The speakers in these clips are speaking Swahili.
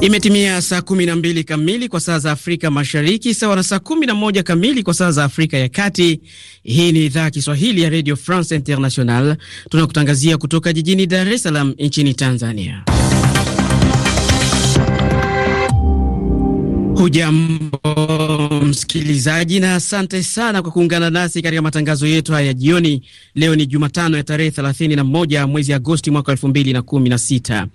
Imetimia saa mbili kamili kwa saa za Afrika Mashariki, sawa na saa na moja kamili kwa saa za Afrika ya Kati. Hii ni idhaa ya Kiswahili ya Radio France International, tunakutangazia kutoka jijini Dar es Salaam nchini Tanzania. Hujambo msikilizaji, na asante sana kwa kuungana nasi katika matangazo yetu haya jioni. Leo ni Jumatano ya tarehe 31 mwezi Agosti mwaka 2016.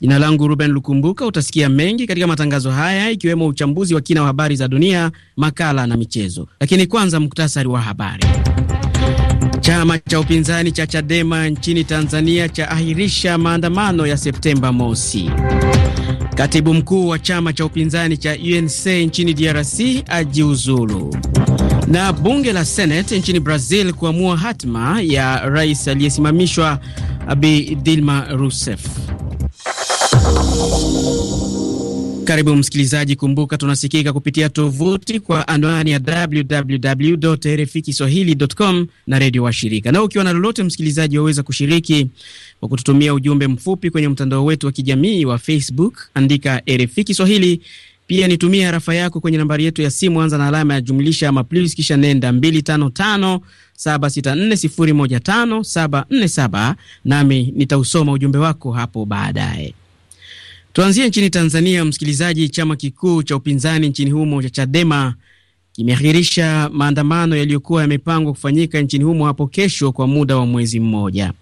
Jina langu Ruben Lukumbuka. Utasikia mengi katika matangazo haya ikiwemo uchambuzi wa kina wa habari za dunia, makala na michezo, lakini kwanza muktasari wa habari. Chama cha upinzani cha Chadema nchini Tanzania cha ahirisha maandamano ya Septemba mosi. Katibu mkuu wa chama cha upinzani cha UNC nchini DRC ajiuzulu, na bunge la Senate nchini Brazil kuamua hatima ya rais aliyesimamishwa Abi Dilma Rousseff. Karibu msikilizaji, kumbuka tunasikika kupitia tovuti kwa anwani ya www RFI kiswahilicom na redio wa shirika. Na ukiwa na lolote, msikilizaji, waweza kushiriki kwa kututumia ujumbe mfupi kwenye mtandao wetu wa kijamii wa Facebook, andika RFI Kiswahili. Pia nitumie harafa yako kwenye nambari yetu ya simu, anza na alama ya jumlisha ama plus, kisha nenda 255 764 nami nitausoma ujumbe wako hapo baadaye. Tuanzie nchini Tanzania, msikilizaji. Chama kikuu cha upinzani nchini humo cha Chadema kimeahirisha maandamano yaliyokuwa yamepangwa kufanyika nchini humo hapo kesho kwa muda wa mwezi mmoja.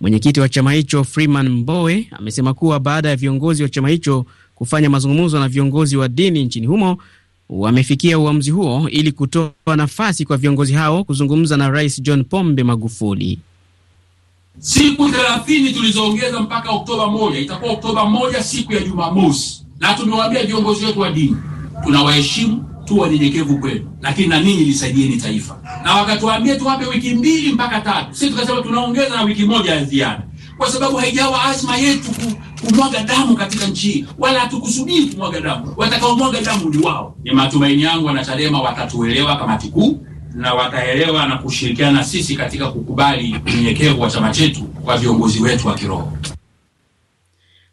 Mwenyekiti wa chama hicho Freeman Mbowe amesema kuwa baada ya viongozi wa chama hicho kufanya mazungumzo na viongozi wa dini nchini humo wamefikia uamuzi huo ili kutoa nafasi kwa viongozi hao kuzungumza na Rais John Pombe Magufuli siku thelathini tulizoongeza mpaka Oktoba moja, itakuwa Oktoba moja siku ya Jumamosi, na tumewaambia viongozi wetu wa dini tunawaheshimu tu wanyenyekevu kwenu, lakini na ninyi lisaidieni taifa. Na wakatuambia tuwape wiki mbili mpaka tatu, sisi tukasema tunaongeza na wiki moja ya ziada, kwa sababu haijawa azma yetu kumwaga damu katika nchi, wala hatukusubiri kumwaga damu. Watakaomwaga damu ni wao. Ni matumaini yangu wanachadema watatuelewa, kamati kuu na wataelewa na kushirikiana na sisi katika kukubali unyenyekevu wa chama chetu kwa viongozi wetu wa kiroho.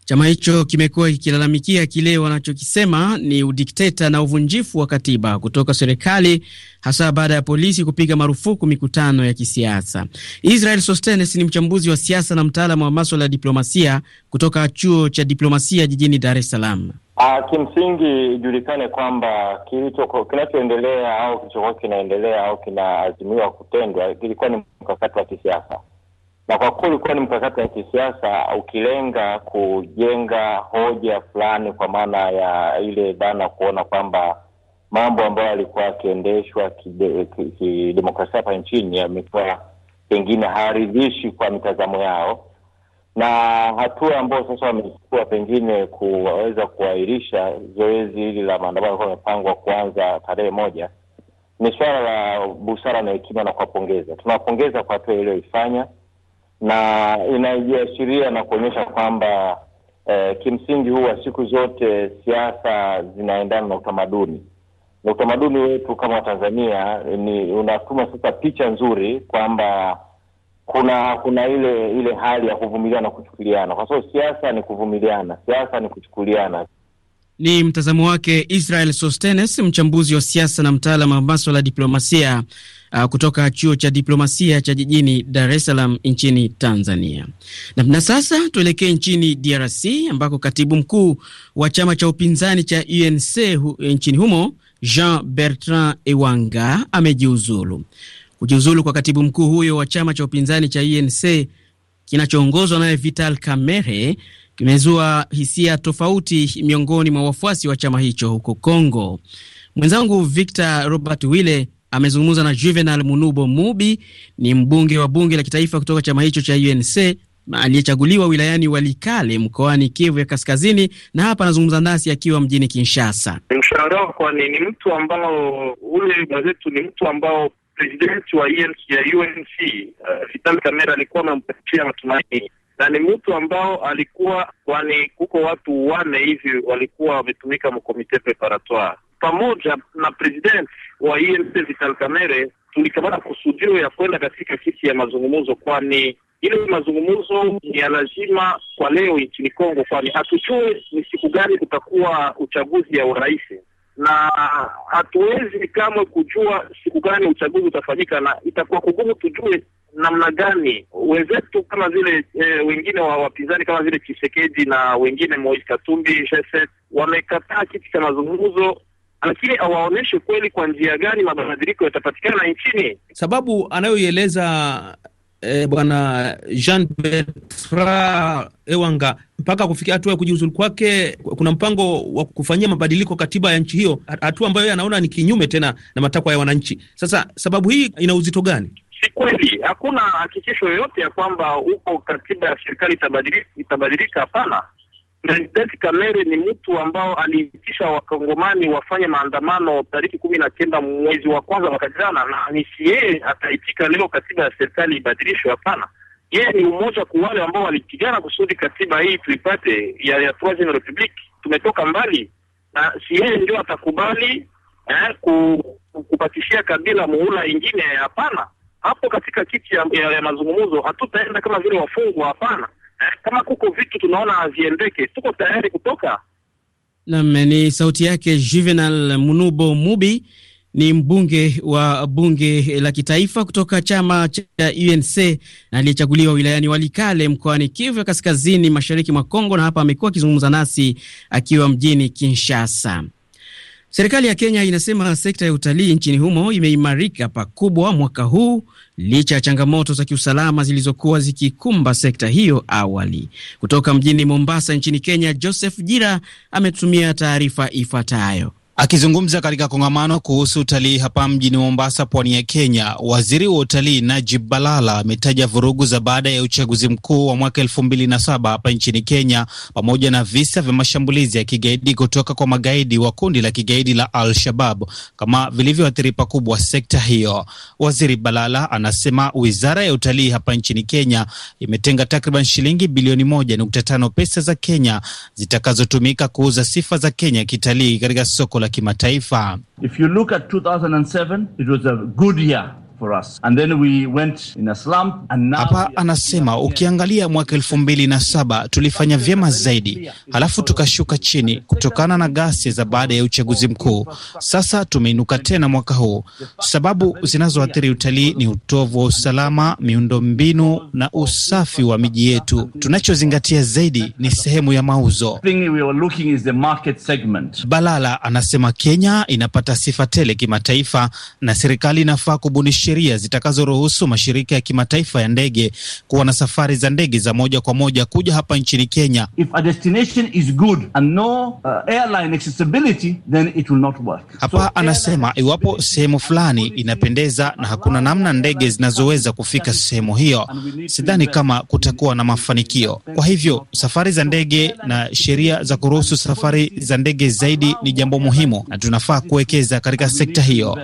Chama hicho kimekuwa kikilalamikia kile wanachokisema ni udikteta na uvunjifu wa katiba kutoka serikali, hasa baada ya polisi kupiga marufuku mikutano ya kisiasa. Israel Sostenes ni mchambuzi wa siasa na mtaalamu wa maswala ya diplomasia kutoka chuo cha diplomasia jijini Dar es Salaam. Uh, kimsingi ijulikane kwamba kinachoendelea au kilichokuwa kinaendelea au kinaazimiwa kutendwa kilikuwa ni mkakati wa kisiasa na kwa kweli ulikuwa ni mkakati wa kisiasa ukilenga kujenga hoja fulani, kwa maana ya ile dhana kuona kwamba mambo ambayo yalikuwa yakiendeshwa kidemokrasia ki, hapa nchini yamekuwa pengine haaridhishi kwa mitazamo yao, na hatua ambayo sasa wamechukua pengine kuweza kuahirisha zoezi hili la maandamano yalikuwa yamepangwa kuanza tarehe moja ni swala la busara na hekima, na kuwapongeza. Tunawapongeza kwa hatua iliyoifanya na inajiashiria na kuonyesha kwamba eh, kimsingi huwa siku zote siasa zinaendana na utamaduni na utamaduni wetu kama Watanzania ni unatuma sasa picha nzuri kwamba kuna kuna ile ile hali ya kuvumiliana na kuchukuliana, kwa sababu siasa ni kuvumiliana, siasa ni kuchukuliana. Ni mtazamo wake Israel Sostenes, mchambuzi wa siasa na mtaalam wa maswala ya diplomasia uh, kutoka chuo cha diplomasia cha jijini Dar es Salaam nchini Tanzania. Na, na sasa tuelekee nchini DRC ambako katibu mkuu wa chama cha upinzani cha UNC hu, nchini humo Jean Bertrand Ewanga amejiuzulu. Kujiuzulu kwa katibu mkuu huyo wa chama cha upinzani cha UNC kinachoongozwa naye Vital Kamerhe kimezua hisia tofauti miongoni mwa wafuasi wa chama hicho huko congo Mwenzangu Victor Robert Wille amezungumza na Juvenal Munubo Mubi, ni mbunge wa bunge la kitaifa kutoka chama hicho cha UNC aliyechaguliwa wilayani Walikale mkoani Kivu ya Kaskazini, na hapa anazungumza nasi akiwa mjini Kinshasa. Ni mshangao, kwani ni mtu ambao ule mwenzetu ni mtu ambao presidenti wa ya UNC uh, Vital Kamera alikuwa amempatia matumaini na ni mtu ambao alikuwa, kwani kuko watu wane hivi walikuwa wametumika mkomite preparatoire pamoja na president wa UNC Vital kamere Tulikamata kusudio ya kwenda katika kiti ya mazungumzo, kwani ile mazungumzo ni ya lazima kwa leo nchini Kongo, kwani hatujue ni siku gani kutakuwa uchaguzi ya urais na hatuwezi kamwe kujua siku gani uchaguzi utafanyika, na itakuwa kugumu tujue namna gani wenzetu kama vile e, wengine wa wapinzani kama vile Chisekedi na wengine Moise Katumbi wamekataa kiti cha mazungumzo, lakini hawaoneshe kweli kwa njia gani mabadiliko yatapatikana nchini. Sababu anayoieleza e, bwana Jean Bertrand Ewanga mpaka kufikia hatua ya kujiuzulu kwake, kuna mpango wa kufanyia mabadiliko katiba ya nchi hiyo, hatua ambayo yeye anaona ni kinyume tena na matakwa ya wananchi. Sasa sababu hii ina uzito gani? si kweli. Hakuna hakikisho yoyote ya kwamba huko katiba ya serikali itabadilika, Hapana. President Kamere ni mtu ambao aliitisha wakongomani wafanye maandamano tariki kumi na kenda mwezi wa kwanza mwaka jana, na ni si yeye ataitika leo katiba ya serikali ibadilishwe. Hapana, yeye ni umoja kwa wale ambao walipigana kusudi katiba hii tuipate ya, ya Troisieme Republique. Tumetoka mbali na si yeye ndio atakubali eh, kupatishia Kabila muhula ingine. Hapana hapo katika kiti ya, ya, ya mazungumzo hatutaenda kama vile wafungwa. Hapana, eh, kama kuko vitu tunaona haviendeke, tuko tayari kutoka. Nam ni sauti yake Juvenal Munubo Mubi, ni mbunge wa bunge la kitaifa kutoka chama cha UNC na aliyechaguliwa wilayani Walikale mkoani Kivu kaskazini mashariki mwa Kongo, na hapa amekuwa akizungumza nasi akiwa mjini Kinshasa. Serikali ya Kenya inasema sekta ya utalii nchini humo imeimarika pakubwa mwaka huu licha ya changamoto za kiusalama zilizokuwa zikikumba sekta hiyo awali. Kutoka mjini Mombasa nchini Kenya, Joseph Jira ametumia taarifa ifuatayo. Akizungumza katika kongamano kuhusu utalii hapa mjini Mombasa, pwani ya Kenya, waziri wa utalii Najib Balala ametaja vurugu za baada ya uchaguzi mkuu wa mwaka elfu mbili na saba hapa nchini Kenya, pamoja na visa vya mashambulizi ya kigaidi kutoka kwa magaidi wa kundi la kigaidi la Al-Shabab kama vilivyoathiri pakubwa sekta hiyo. Waziri Balala anasema wizara ya utalii hapa nchini Kenya imetenga takriban shilingi bilioni moja nukta tano pesa za Kenya zitakazotumika kuuza sifa za Kenya kitalii katika soko la kimataifa. If you look at 2007, it was a good year. Hapa anasema ukiangalia mwaka elfu mbili na saba tulifanya vyema zaidi, halafu tukashuka chini kutokana na ghasia za baada ya uchaguzi mkuu. Sasa tumeinuka tena mwaka huu. Sababu zinazoathiri utalii ni utovu wa usalama, miundombinu na usafi wa miji yetu. Tunachozingatia zaidi ni sehemu ya mauzo. Balala anasema Kenya inapata sifa tele kimataifa na serikali inafaa kubunisha sheria zitakazoruhusu mashirika ya kimataifa ya ndege kuwa na safari za ndege za moja kwa moja kuja hapa nchini Kenya. If a destination is good and no uh, airline accessibility then it will not work. Hapa so, anasema iwapo sehemu fulani inapendeza na hakuna namna ndege zinazoweza kufika sehemu hiyo, sidhani kama kutakuwa na mafanikio. Kwa hivyo safari za ndege na sheria za kuruhusu safari za ndege zaidi ni jambo muhimu na tunafaa kuwekeza katika sekta hiyo.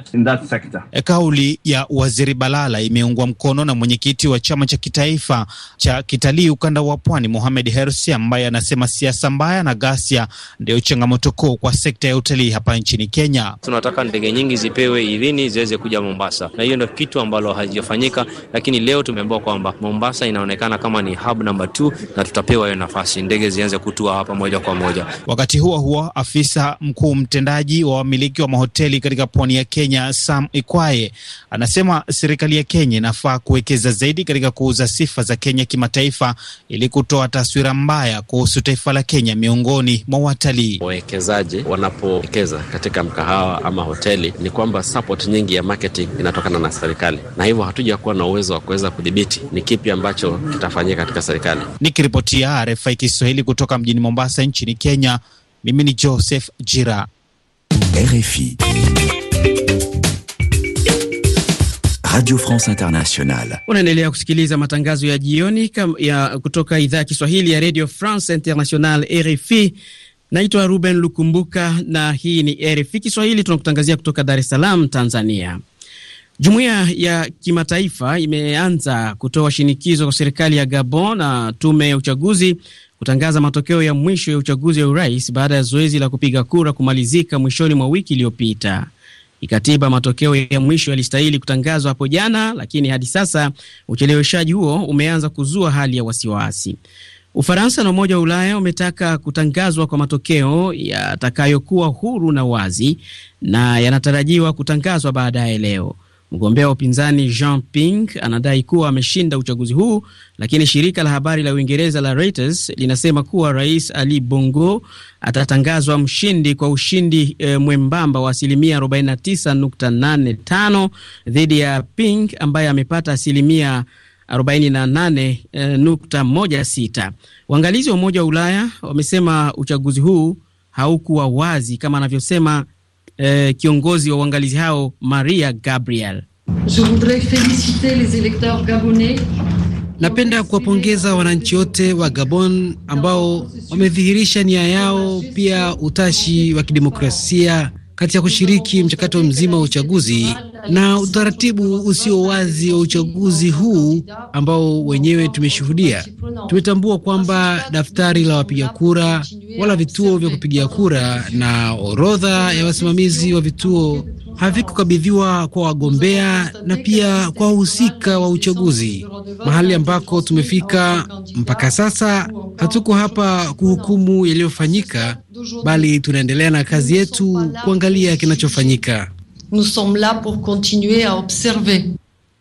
E, kauli ya Waziri Balala imeungwa mkono na mwenyekiti wa chama cha kitaifa cha kitalii ukanda wa pwani Mohamed Hersi, ambaye anasema siasa mbaya na ghasia ndio changamoto kuu kwa sekta ya utalii hapa nchini Kenya. Tunataka ndege nyingi zipewe idhini ziweze kuja Mombasa, na hiyo ndio kitu ambalo hazijafanyika, lakini leo tumeambiwa kwamba Mombasa inaonekana kama ni hub number 2 na tutapewa hiyo nafasi, ndege zianze kutua hapa moja kwa moja. Wakati huo huo, afisa mkuu mtendaji wa wamiliki wa mahoteli katika pwani ya Kenya Sam Ikwaye anasema amesema serikali ya Kenya inafaa kuwekeza zaidi katika kuuza sifa za Kenya kimataifa ili kutoa taswira mbaya kuhusu taifa la Kenya miongoni mwa watalii. Wawekezaji wanapowekeza katika mkahawa ama hoteli, ni kwamba support nyingi ya marketing inatokana na serikali, na hivyo hatuja kuwa na uwezo wa kuweza kudhibiti ni kipi ambacho kitafanyika katika serikali. Nikiripotia RFI Kiswahili kutoka mjini Mombasa nchini Kenya, mimi ni Joseph Jira, RFI. Radio France Internationale. Unaendelea kusikiliza matangazo ya jioni ya kutoka idhaa ya Kiswahili ya Radio France Internationale, RFI. Naitwa Ruben Lukumbuka na hii ni RFI Kiswahili, tunakutangazia kutoka Dar es Salaam, Tanzania. Jumuiya ya kimataifa imeanza kutoa shinikizo kwa serikali ya Gabon na tume ya uchaguzi kutangaza matokeo ya mwisho ya uchaguzi wa urais baada ya zoezi la kupiga kura kumalizika mwishoni mwa wiki iliyopita. Kikatiba, matokeo ya mwisho yalistahili kutangazwa hapo jana, lakini hadi sasa ucheleweshaji huo umeanza kuzua hali ya wasiwasi. Ufaransa na Umoja wa Ulaya umetaka kutangazwa kwa matokeo yatakayokuwa huru na wazi na yanatarajiwa kutangazwa baadaye leo. Mgombea wa upinzani Jean Ping anadai kuwa ameshinda uchaguzi huu, lakini shirika la habari la Uingereza la Reuters linasema kuwa Rais Ali Bongo atatangazwa mshindi kwa ushindi e, mwembamba wa asilimia 49.85 dhidi ya Ping ambaye amepata asilimia 48.16. E, eh, waangalizi wa Umoja wa Ulaya wamesema uchaguzi huu haukuwa wazi kama anavyosema Eh, kiongozi wa uangalizi hao Maria Gabriel. Napenda kuwapongeza wananchi wote wa Gabon ambao wamedhihirisha nia yao, pia utashi wa kidemokrasia kati ya kushiriki mchakato mzima wa uchaguzi na utaratibu usio wazi wa uchaguzi huu ambao wenyewe tumeshuhudia. Tumetambua kwamba daftari la wapiga kura wala vituo vya kupigia kura na orodha ya wasimamizi wa vituo havikukabidhiwa kwa wagombea na pia kwa wahusika wa uchaguzi. Mahali ambako tumefika mpaka sasa, hatuko hapa kuhukumu yaliyofanyika bali tunaendelea na kazi yetu kuangalia kinachofanyika.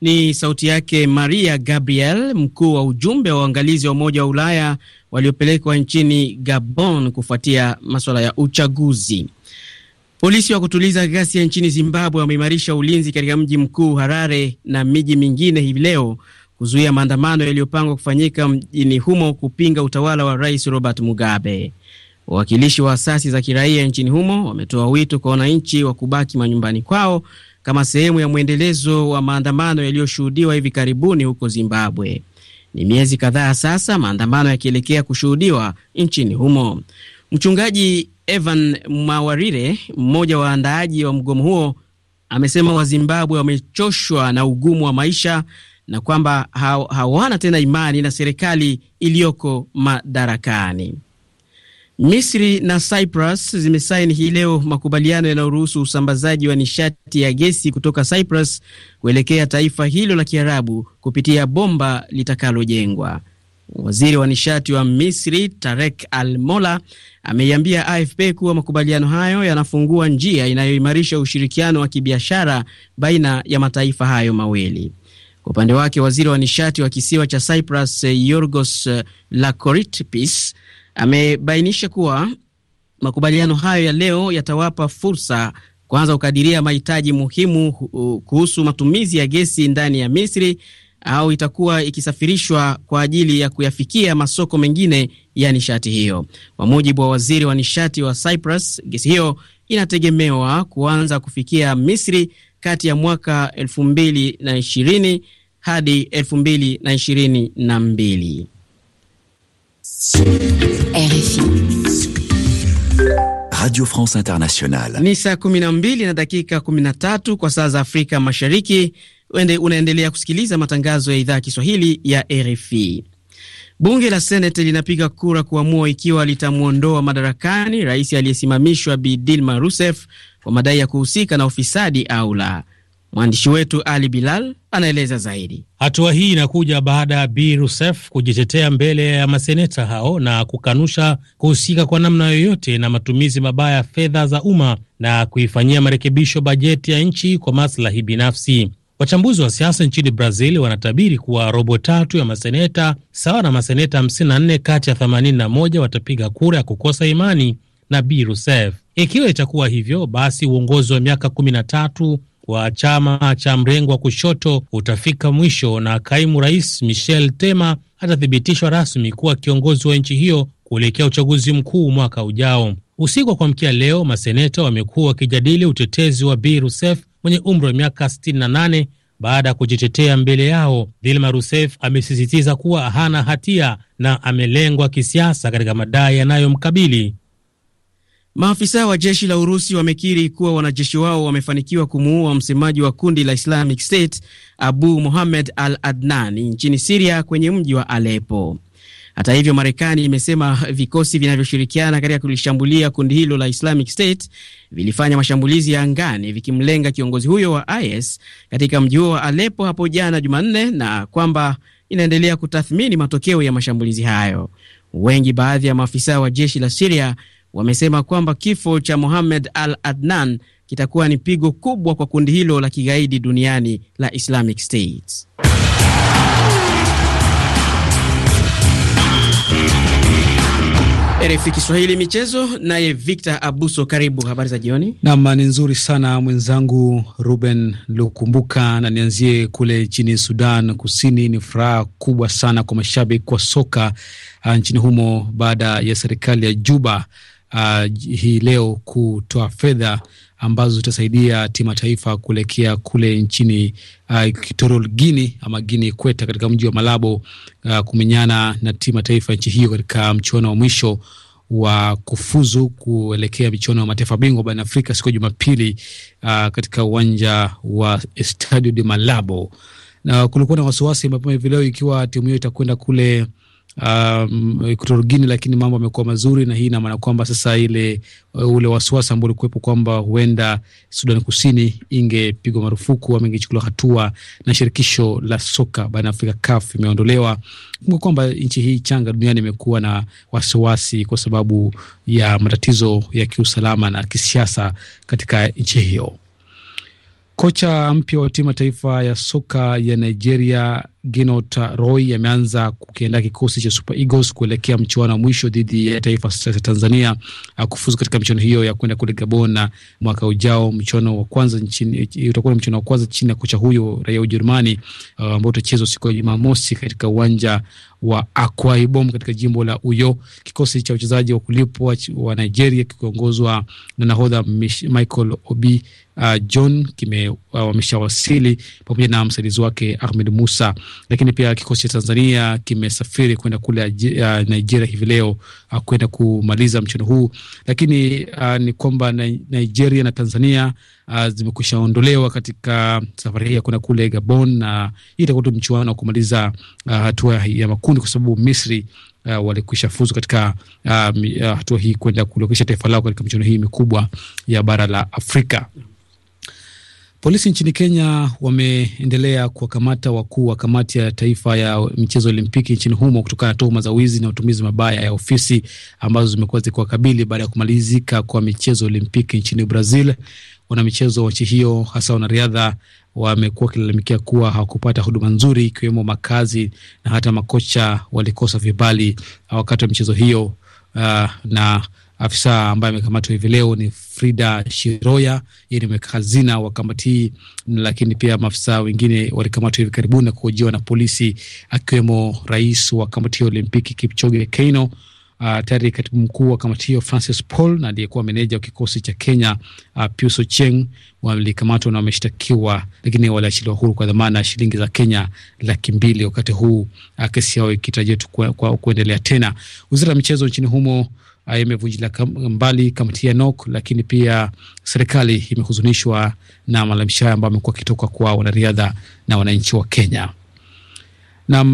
Ni sauti yake Maria Gabriel, mkuu wa ujumbe wa uangalizi wa Umoja wa Ulaya waliopelekwa nchini Gabon kufuatia maswala ya uchaguzi. Polisi wa kutuliza ghasia nchini Zimbabwe wameimarisha ulinzi katika mji mkuu Harare na miji mingine hivi leo kuzuia maandamano yaliyopangwa kufanyika mjini humo kupinga utawala wa Rais Robert Mugabe. Wawakilishi wa asasi za kiraia nchini humo wametoa wito kwa wananchi wa kubaki manyumbani kwao kama sehemu ya mwendelezo wa maandamano yaliyoshuhudiwa hivi karibuni huko Zimbabwe. Ni miezi kadhaa sasa maandamano yakielekea kushuhudiwa nchini humo. Mchungaji Evan Mawarire, mmoja wa waandaaji wa mgomo huo, amesema Wazimbabwe wamechoshwa na ugumu wa maisha na kwamba hawana tena imani na serikali iliyoko madarakani. Misri na Cyprus zimesaini hii leo makubaliano yanayoruhusu usambazaji wa nishati ya gesi kutoka Cyprus kuelekea taifa hilo la Kiarabu kupitia bomba litakalojengwa. Waziri wa nishati wa Misri Tarek Al-Mola ameiambia AFP kuwa makubaliano hayo yanafungua njia inayoimarisha ushirikiano wa kibiashara baina ya mataifa hayo mawili. Kwa upande wake, waziri wa nishati wa kisiwa cha Cyprus Yorgos Lakoritis amebainisha kuwa makubaliano hayo ya leo yatawapa fursa kuanza kukadiria mahitaji muhimu uh, kuhusu matumizi ya gesi ndani ya Misri au itakuwa ikisafirishwa kwa ajili ya kuyafikia masoko mengine ya nishati hiyo. Kwa mujibu wa waziri wa nishati wa Cyprus, gesi hiyo inategemewa kuanza kufikia Misri kati ya mwaka 2020 hadi 2022. RFI. Radio France Internationale. Ni saa 12 na dakika 13 kwa saa za Afrika Mashariki. Unaendelea kusikiliza matangazo ya idhaa ya Kiswahili ya RFI. Bunge la Senate linapiga kura kuamua ikiwa litamwondoa madarakani rais aliyesimamishwa Bi Dilma Rousseff kwa madai ya kuhusika na ufisadi au la. Mwandishi wetu Ali Bilal anaeleza zaidi. Hatua hii inakuja baada ya Bi Rusef kujitetea mbele ya maseneta hao na kukanusha kuhusika kwa namna yoyote na matumizi mabaya ya fedha za umma na kuifanyia marekebisho bajeti ya nchi kwa maslahi binafsi. Wachambuzi wa siasa nchini Brazil wanatabiri kuwa robo tatu ya maseneta sawa na maseneta 54 kati ya 81 watapiga kura ya kukosa imani na Bi Rusef. Ikiwa itakuwa hivyo, basi uongozi wa miaka 13 wa chama cha mrengo wa kushoto utafika mwisho na kaimu rais Michel Temer atathibitishwa rasmi kuwa kiongozi wa nchi hiyo kuelekea uchaguzi mkuu mwaka ujao. Usiku wa kuamkia leo, maseneta wamekuwa wakijadili utetezi wa Bi Rousseff mwenye umri wa miaka 68 baada ya kujitetea mbele yao. Dilma Rousseff amesisitiza kuwa hana hatia na amelengwa kisiasa katika madai yanayomkabili. Maafisa wa jeshi la Urusi wamekiri kuwa wanajeshi wao wamefanikiwa kumuua msemaji wa kundi la Islamic State Abu Mohammed Al Adnani nchini Siria kwenye mji wa Alepo. Hata hivyo, Marekani imesema vikosi vinavyoshirikiana katika kulishambulia kundi hilo la Islamic State vilifanya mashambulizi ya angani vikimlenga kiongozi huyo wa IS katika mji huo wa Alepo hapo jana Jumanne, na kwamba inaendelea kutathmini matokeo ya mashambulizi hayo. Wengi baadhi ya maafisa wa jeshi la Siria wamesema kwamba kifo cha Mohamed Al Adnan kitakuwa ni pigo kubwa kwa kundi hilo la kigaidi duniani la Islamic State. RFI Kiswahili michezo, naye Victor Abuso, karibu. Habari za jioni. Nam ni nzuri sana mwenzangu Ruben Lukumbuka, na nianzie kule nchini Sudan Kusini. Ni furaha kubwa sana kwa mashabiki wa soka ah, nchini humo baada ya serikali ya Juba uh, hii leo kutoa fedha ambazo zitasaidia timu taifa kuelekea kule nchini uh, Guinea ama Guinea Ikweta katika mji wa Malabo uh, kumenyana na timu taifa nchi hiyo katika mchuano wa mwisho wa kufuzu kuelekea michuano ya mataifa bingwa barani Afrika siku ya Jumapili uh, katika uwanja wa Estadio de Malabo, na kulikuwa na wasiwasi mapema hivi leo ikiwa timu hiyo itakwenda kule um, lakini mambo yamekuwa mazuri, na hii ina maana kwamba sasa ile uh, ule wasiwasi ambao ulikuwepo kwamba huenda Sudan Kusini ingepigwa marufuku ama ingechukuliwa hatua na shirikisho la soka barani Afrika CAF imeondolewa. Kumbuka kwamba nchi hii changa duniani imekuwa na wasiwasi kwa sababu ya matatizo ya kiusalama na kisiasa katika nchi hiyo. Kocha mpya wa timu ya taifa ya soka ya Nigeria Ginot Roy ameanza kukiandaa kikosi cha Super Eagles kuelekea mchuano wa mwisho dhidi ya taifa ya Tanzania uh, kufuzu katika michuano hiyo ya kwenda kule Gabon uh, mwaka ujao. Mchuano wa kwanza nchini eh, utakuwa mchuano wa kwanza chini ya kocha huyo raia Ujerumani uh, ambao uh, utachezwa siku ya Jumamosi katika uwanja wa Akwa Ibom katika jimbo la Uyo. Kikosi cha wachezaji wa kulipwa wa Nigeria kikiongozwa na nahodha Michael Obi uh, John kime uh, wameshawasili pamoja na msaidizi wake Ahmed Musa. Lakini pia kikosi cha Tanzania kimesafiri kwenda kule uh, Nigeria hivi leo uh, kwenda kumaliza mchezo huu, lakini uh, ni kwamba Nigeria na Tanzania zimekusha ah, zimekwisha ondolewa katika safari hii ya kwenda kule Gabon, na hii itakuwa tu mchuano wa kumaliza uh, hatua ya makundi, kwa sababu Misri uh, walikwisha fuzu katika uh, hatua hii kwenda kuliwakilisha taifa lao katika michuano hii mikubwa ya bara la Afrika. Polisi nchini Kenya wameendelea kuwakamata wakuu wa kamati ya taifa ya michezo ya Olimpiki nchini humo kutokana na tuhuma za wizi na utumizi mabaya ya ofisi ambazo zimekuwa zikiwakabili baada ya kumalizika kwa michezo ya Olimpiki nchini Brazil wanamichezo wa nchi hiyo hasa wanariadha wamekuwa wakilalamikia kuwa hawakupata huduma nzuri ikiwemo makazi na hata makocha walikosa vibali uh, wakati wa michezo hiyo. Uh, na afisa ambaye amekamatwa hivi leo ni Frida Shiroya, yeye ni mweka hazina wa kamati hii, lakini pia maafisa wengine walikamatwa hivi karibuni na kuhojiwa na polisi, akiwemo rais wa kamati ya Olimpiki Kipchoge Keino Uh, tayari katibu mkuu wa kamati hiyo Francis Paul na aliyekuwa meneja wa kikosi cha Kenya uh, ah, Piuso Cheng walikamatwa na wameshtakiwa, lakini waliachiliwa huru kwa dhamana ya shilingi za Kenya laki mbili, wakati huu uh, kesi yao ikitarajiwa kuendelea tena. Wizara ya michezo nchini humo uh, imevunjilia mbali kamati ya NOK, lakini pia serikali imehuzunishwa na malalamishi hayo ambayo amekuwa akitoka kwa wanariadha na wananchi wa Kenya. Na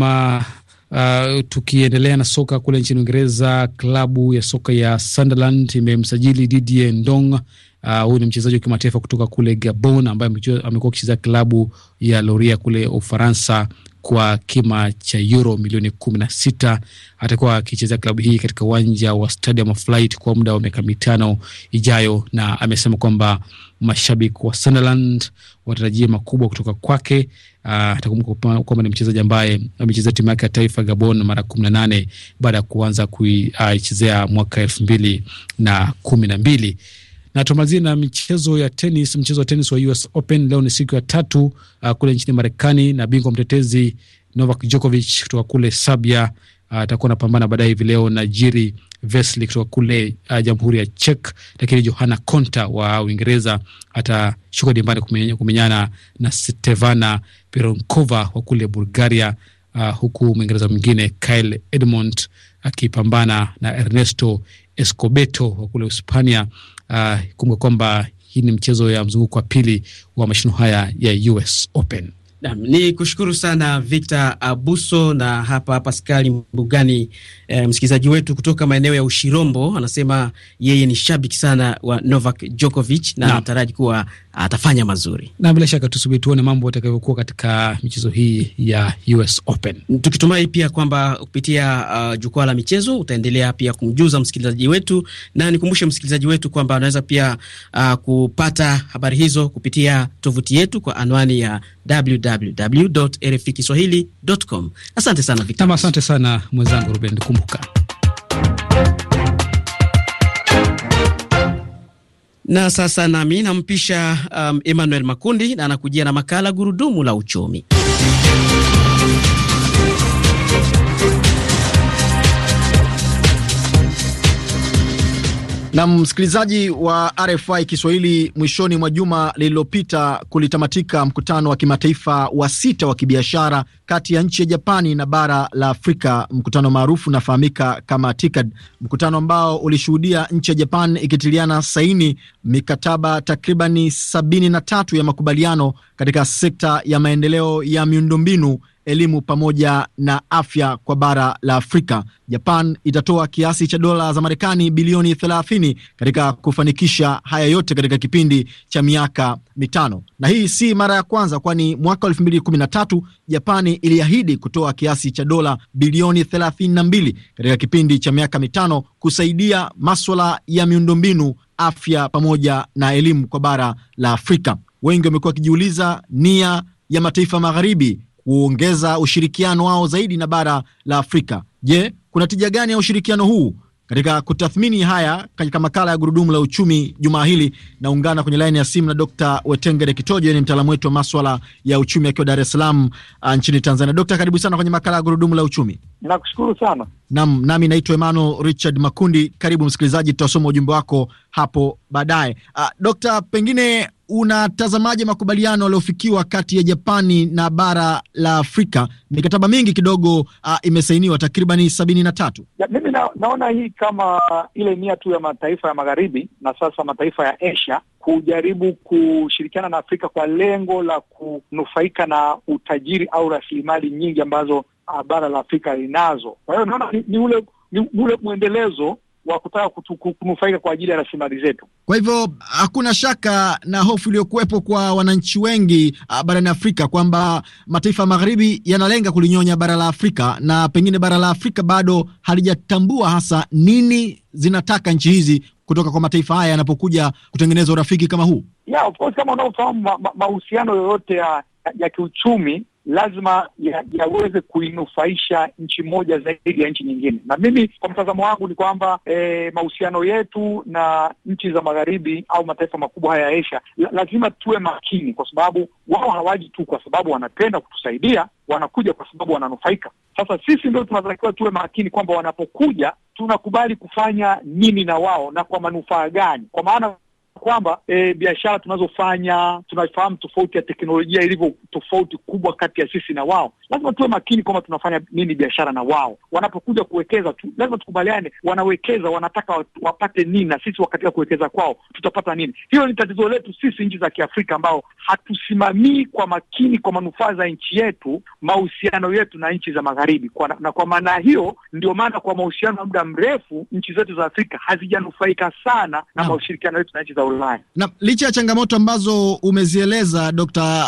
Uh, tukiendelea na soka kule nchini Uingereza, klabu ya soka ya Sunderland imemsajili Didier Ndong. Uh, huyu uh, ni mchezaji wa kimataifa kutoka kule Gabon ambaye amekuwa akichezea klabu ya Loria kule Ufaransa kwa kima cha euro milioni kumi na sita. Atakuwa akichezea klabu hii katika uwanja wa Stadium of Light kwa muda wa miaka mitano ijayo, na amesema kwamba mashabiki wa Sunderland watarajia makubwa kutoka kwake. Ah, atakumbuka kwamba ni mchezaji ambaye amechezea timu yake ya taifa Gabon mara kumi na nane baada ya kuanza kuichezea mwaka elfu mbili na kumi na mbili. Na tumalizie na michezo ya tenis. Mchezo wa tenis wa US Open leo ni siku ya tatu uh, kule nchini Marekani, na bingwa mtetezi Novak Djokovic kutoka kule Serbia uh, atakuwa uh, anapambana baadaye hivi leo na Jiri Vesely kutoka kule uh, Jamhuri ya Czech, lakini Johana Konta wa Uingereza atashuka dimbani kumenyana na Stevana Pironkova wa kule Bulgaria. Uh, huku Mwingereza mwingine Kyle Edmond akipambana na Ernesto Escobeto wa kule Hispania. Uh, kumbuka kwamba hii ni mchezo ya mzunguko wa pili wa mashindano haya ya US Open. Naam, ni kushukuru sana Victor Abuso na hapa Paskali Mbugani. E, msikilizaji wetu kutoka maeneo ya Ushirombo anasema yeye ni shabiki sana wa Novak Djokovic na anataraji kuwa atafanya mazuri, na bila shaka tusubiri tuone mambo yatakavyokuwa katika michezo hii ya US Open, tukitumai pia kwamba kupitia uh, jukwaa la michezo utaendelea pia kumjuza msikilizaji wetu, na nikumbushe msikilizaji wetu kwamba anaweza pia uh, kupata habari hizo kupitia tovuti yetu kwa anwani ya www.rfikiswahili.com. Asante sana Victor. Asante sana mwenzangu Ruben, kumbuka Na sasa nami nampisha um, Emmanuel Makundi na anakujia na makala gurudumu la uchumi Na msikilizaji wa RFI Kiswahili, mwishoni mwa juma lililopita kulitamatika mkutano wa kimataifa wa sita wa kibiashara kati ya nchi ya Japani na bara la Afrika, mkutano maarufu unafahamika kama TICAD, mkutano ambao ulishuhudia nchi ya Japan ikitiliana saini mikataba takribani sabini na tatu ya makubaliano katika sekta ya maendeleo ya miundombinu elimu pamoja na afya kwa bara la Afrika. Japan itatoa kiasi cha dola za Marekani bilioni 30 katika kufanikisha haya yote katika kipindi cha miaka mitano, na hii si mara ya kwanza, kwani mwaka 2013 Japani iliahidi kutoa kiasi cha dola bilioni 32 katika kipindi cha miaka mitano kusaidia maswala ya miundombinu, afya pamoja na elimu kwa bara la Afrika. Wengi wamekuwa wakijiuliza nia ya mataifa magharibi kuongeza ushirikiano wao zaidi na bara la Afrika. Je, kuna tija gani ya ushirikiano huu? Katika kutathmini haya katika makala ya gurudumu la uchumi jumaa hili, naungana kwenye laini ya simu na d Wetengere Kitojo, ni mtaalamu wetu wa maswala ya uchumi akiwa Dar es Salaam uh, nchini Tanzania. Dokta, karibu sana kwenye makala ya gurudumu la uchumi. Nakushukuru sana. Nam, nami naitwa Emmanuel Richard Makundi. Karibu msikilizaji, tutasoma ujumbe wako hapo baadaye. Uh, dokta, pengine unatazamaje makubaliano yaliyofikiwa kati ya Japani na bara la Afrika? Mikataba mingi kidogo uh, imesainiwa takribani sabini na tatu. mimi na, naona hii kama ile nia tu ya mataifa ya magharibi na sasa mataifa ya Asia kujaribu kushirikiana na Afrika kwa lengo la kunufaika na utajiri au rasilimali nyingi ambazo ah, bara la Afrika linazo. Kwa hiyo naona ni, ni ule ni ule mwendelezo wa kutaka kunufaika kwa ajili ya rasilimali zetu. Kwa hivyo hakuna shaka na hofu iliyokuwepo kwa wananchi wengi ah, barani Afrika kwamba mataifa ya magharibi yanalenga kulinyonya bara la Afrika, na pengine bara la Afrika bado halijatambua hasa nini zinataka nchi hizi kutoka kwa mataifa haya yanapokuja kutengeneza urafiki kama huu. Yeah, of course, kama unavyofahamu mahusiano ma, ma, yoyote ya, ya kiuchumi lazima yaweze ya kuinufaisha nchi moja zaidi ya nchi nyingine. Na mimi kwa mtazamo wangu ni kwamba e, mahusiano yetu na nchi za magharibi au mataifa makubwa haya ya Asia la, lazima tuwe makini, kwa sababu wao hawaji tu kwa sababu wanapenda kutusaidia, wanakuja kwa sababu wananufaika. Sasa sisi ndio tunatakiwa tuwe makini kwamba wanapokuja tunakubali kufanya nini na wao na kwa manufaa gani, kwa maana kwamba e, biashara tunazofanya tunafahamu tofauti ya teknolojia ilivyo tofauti kubwa kati ya sisi na wao. Lazima tuwe makini kwamba tunafanya nini biashara na wao. Wanapokuja kuwekeza tu, lazima tukubaliane, wanawekeza wanataka wapate nini, na sisi katika kuwekeza kwao tutapata nini? Hiyo ni tatizo letu sisi nchi za Kiafrika ambao hatusimamii kwa makini kwa manufaa za nchi yetu mahusiano yetu na nchi za magharibi kwa, na kwa maana hiyo ndio maana kwa mahusiano ya muda mrefu nchi zetu za Afrika hazijanufaika sana na no. maushirikiano yetu na nchi za Ulaya. Na licha ya changamoto ambazo umezieleza Dr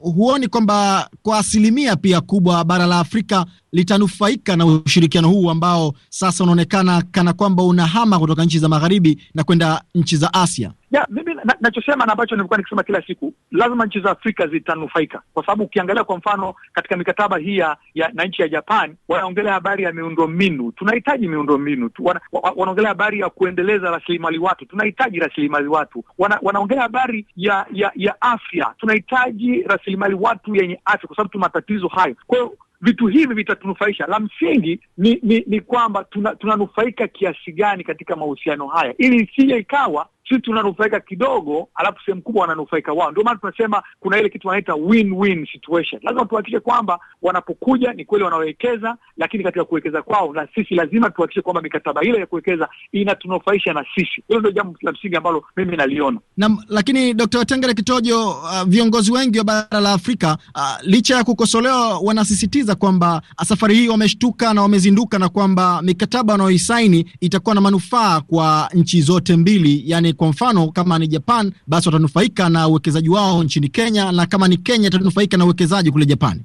huoni kwamba kwa asilimia pia kubwa bara la Afrika litanufaika na ushirikiano huu ambao sasa unaonekana kana kwamba unahama kutoka nchi za magharibi na kwenda nchi za Asia? Ya, mimi nachosema na, na ambacho nimekuwa nikisema kila siku, lazima nchi za Afrika zitanufaika, kwa sababu ukiangalia kwa mfano katika mikataba hii ya, na nchi ya Japan wanaongelea habari ya miundombinu. Tunahitaji miundombinu, wanaongelea habari ya kuendeleza rasilimali watu, tunahitaji rasilimali watu. Wana, wanaongelea habari ya, ya, ya afya, tunahitaji rasilimali rasilimali watu yenye afya, kwa sababu tuna matatizo hayo. Kwa hiyo vitu hivi vitatunufaisha. La msingi ni ni, ni kwamba tunanufaika tuna kiasi gani katika mahusiano haya, ili isije ikawa sisi tunanufaika kidogo, alafu sehemu kubwa wananufaika wao. Ndio maana tunasema kuna ile kitu wanaita win-win situation. Lazima tuhakikishe kwamba wanapokuja ni kweli wanawekeza, lakini katika kuwekeza kwao na sisi lazima tuhakikishe kwamba mikataba ile ya kuwekeza inatunufaisha na sisi. Hilo ndio jambo la msingi ambalo mimi naliona nam. Lakini Dkt. Tengere Kitojo, uh, viongozi wengi wa bara la Afrika uh, licha ya kukosolewa wanasisitiza kwamba uh, safari hii wameshtuka na wamezinduka na kwamba mikataba wanayoisaini itakuwa na manufaa kwa nchi zote mbili, yani kwa mfano kama ni Japan, basi watanufaika na uwekezaji wao nchini Kenya, na kama ni Kenya itanufaika na uwekezaji kule Japani.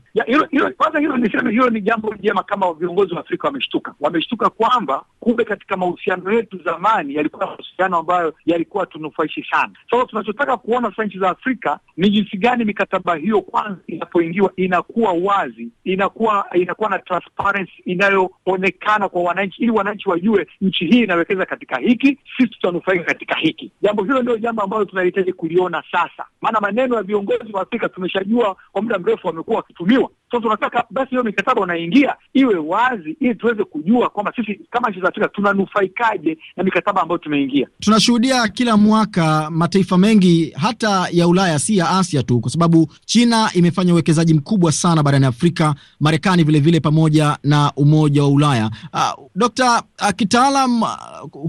Kwanza hilo niseme, hilo ni jambo jema kama viongozi wa Afrika wameshtuka, wameshtuka kwamba kumbe katika mahusiano yetu zamani yalikuwa mahusiano ambayo yalikuwa tunufaishi sana. Sasa so, tunachotaka kuona sasa nchi za Afrika ni jinsi gani mikataba hiyo kwanza inapoingiwa inakuwa wazi, inakuwa inakuwa na transparency inayoonekana kwa wananchi, ili wananchi wajue nchi hii inawekeza katika hiki, sisi tutanufaika katika hiki haki. Jambo hilo ndio jambo ambalo tunahitaji kuliona sasa, maana maneno ya viongozi wa Afrika tumeshajua kwa muda mrefu wamekuwa wakitumiwa So tunataka basi hiyo mikataba unaingia iwe wazi, ili tuweze kujua kwamba sisi kama nchi za Afrika tunanufaikaje na mikataba ambayo tumeingia. Tunashuhudia kila mwaka mataifa mengi hata ya Ulaya, si ya Asia tu, kwa sababu China imefanya uwekezaji mkubwa sana barani Afrika, Marekani vilevile pamoja na Umoja wa Ulaya. Uh, Dokta uh, kitaalam, uh,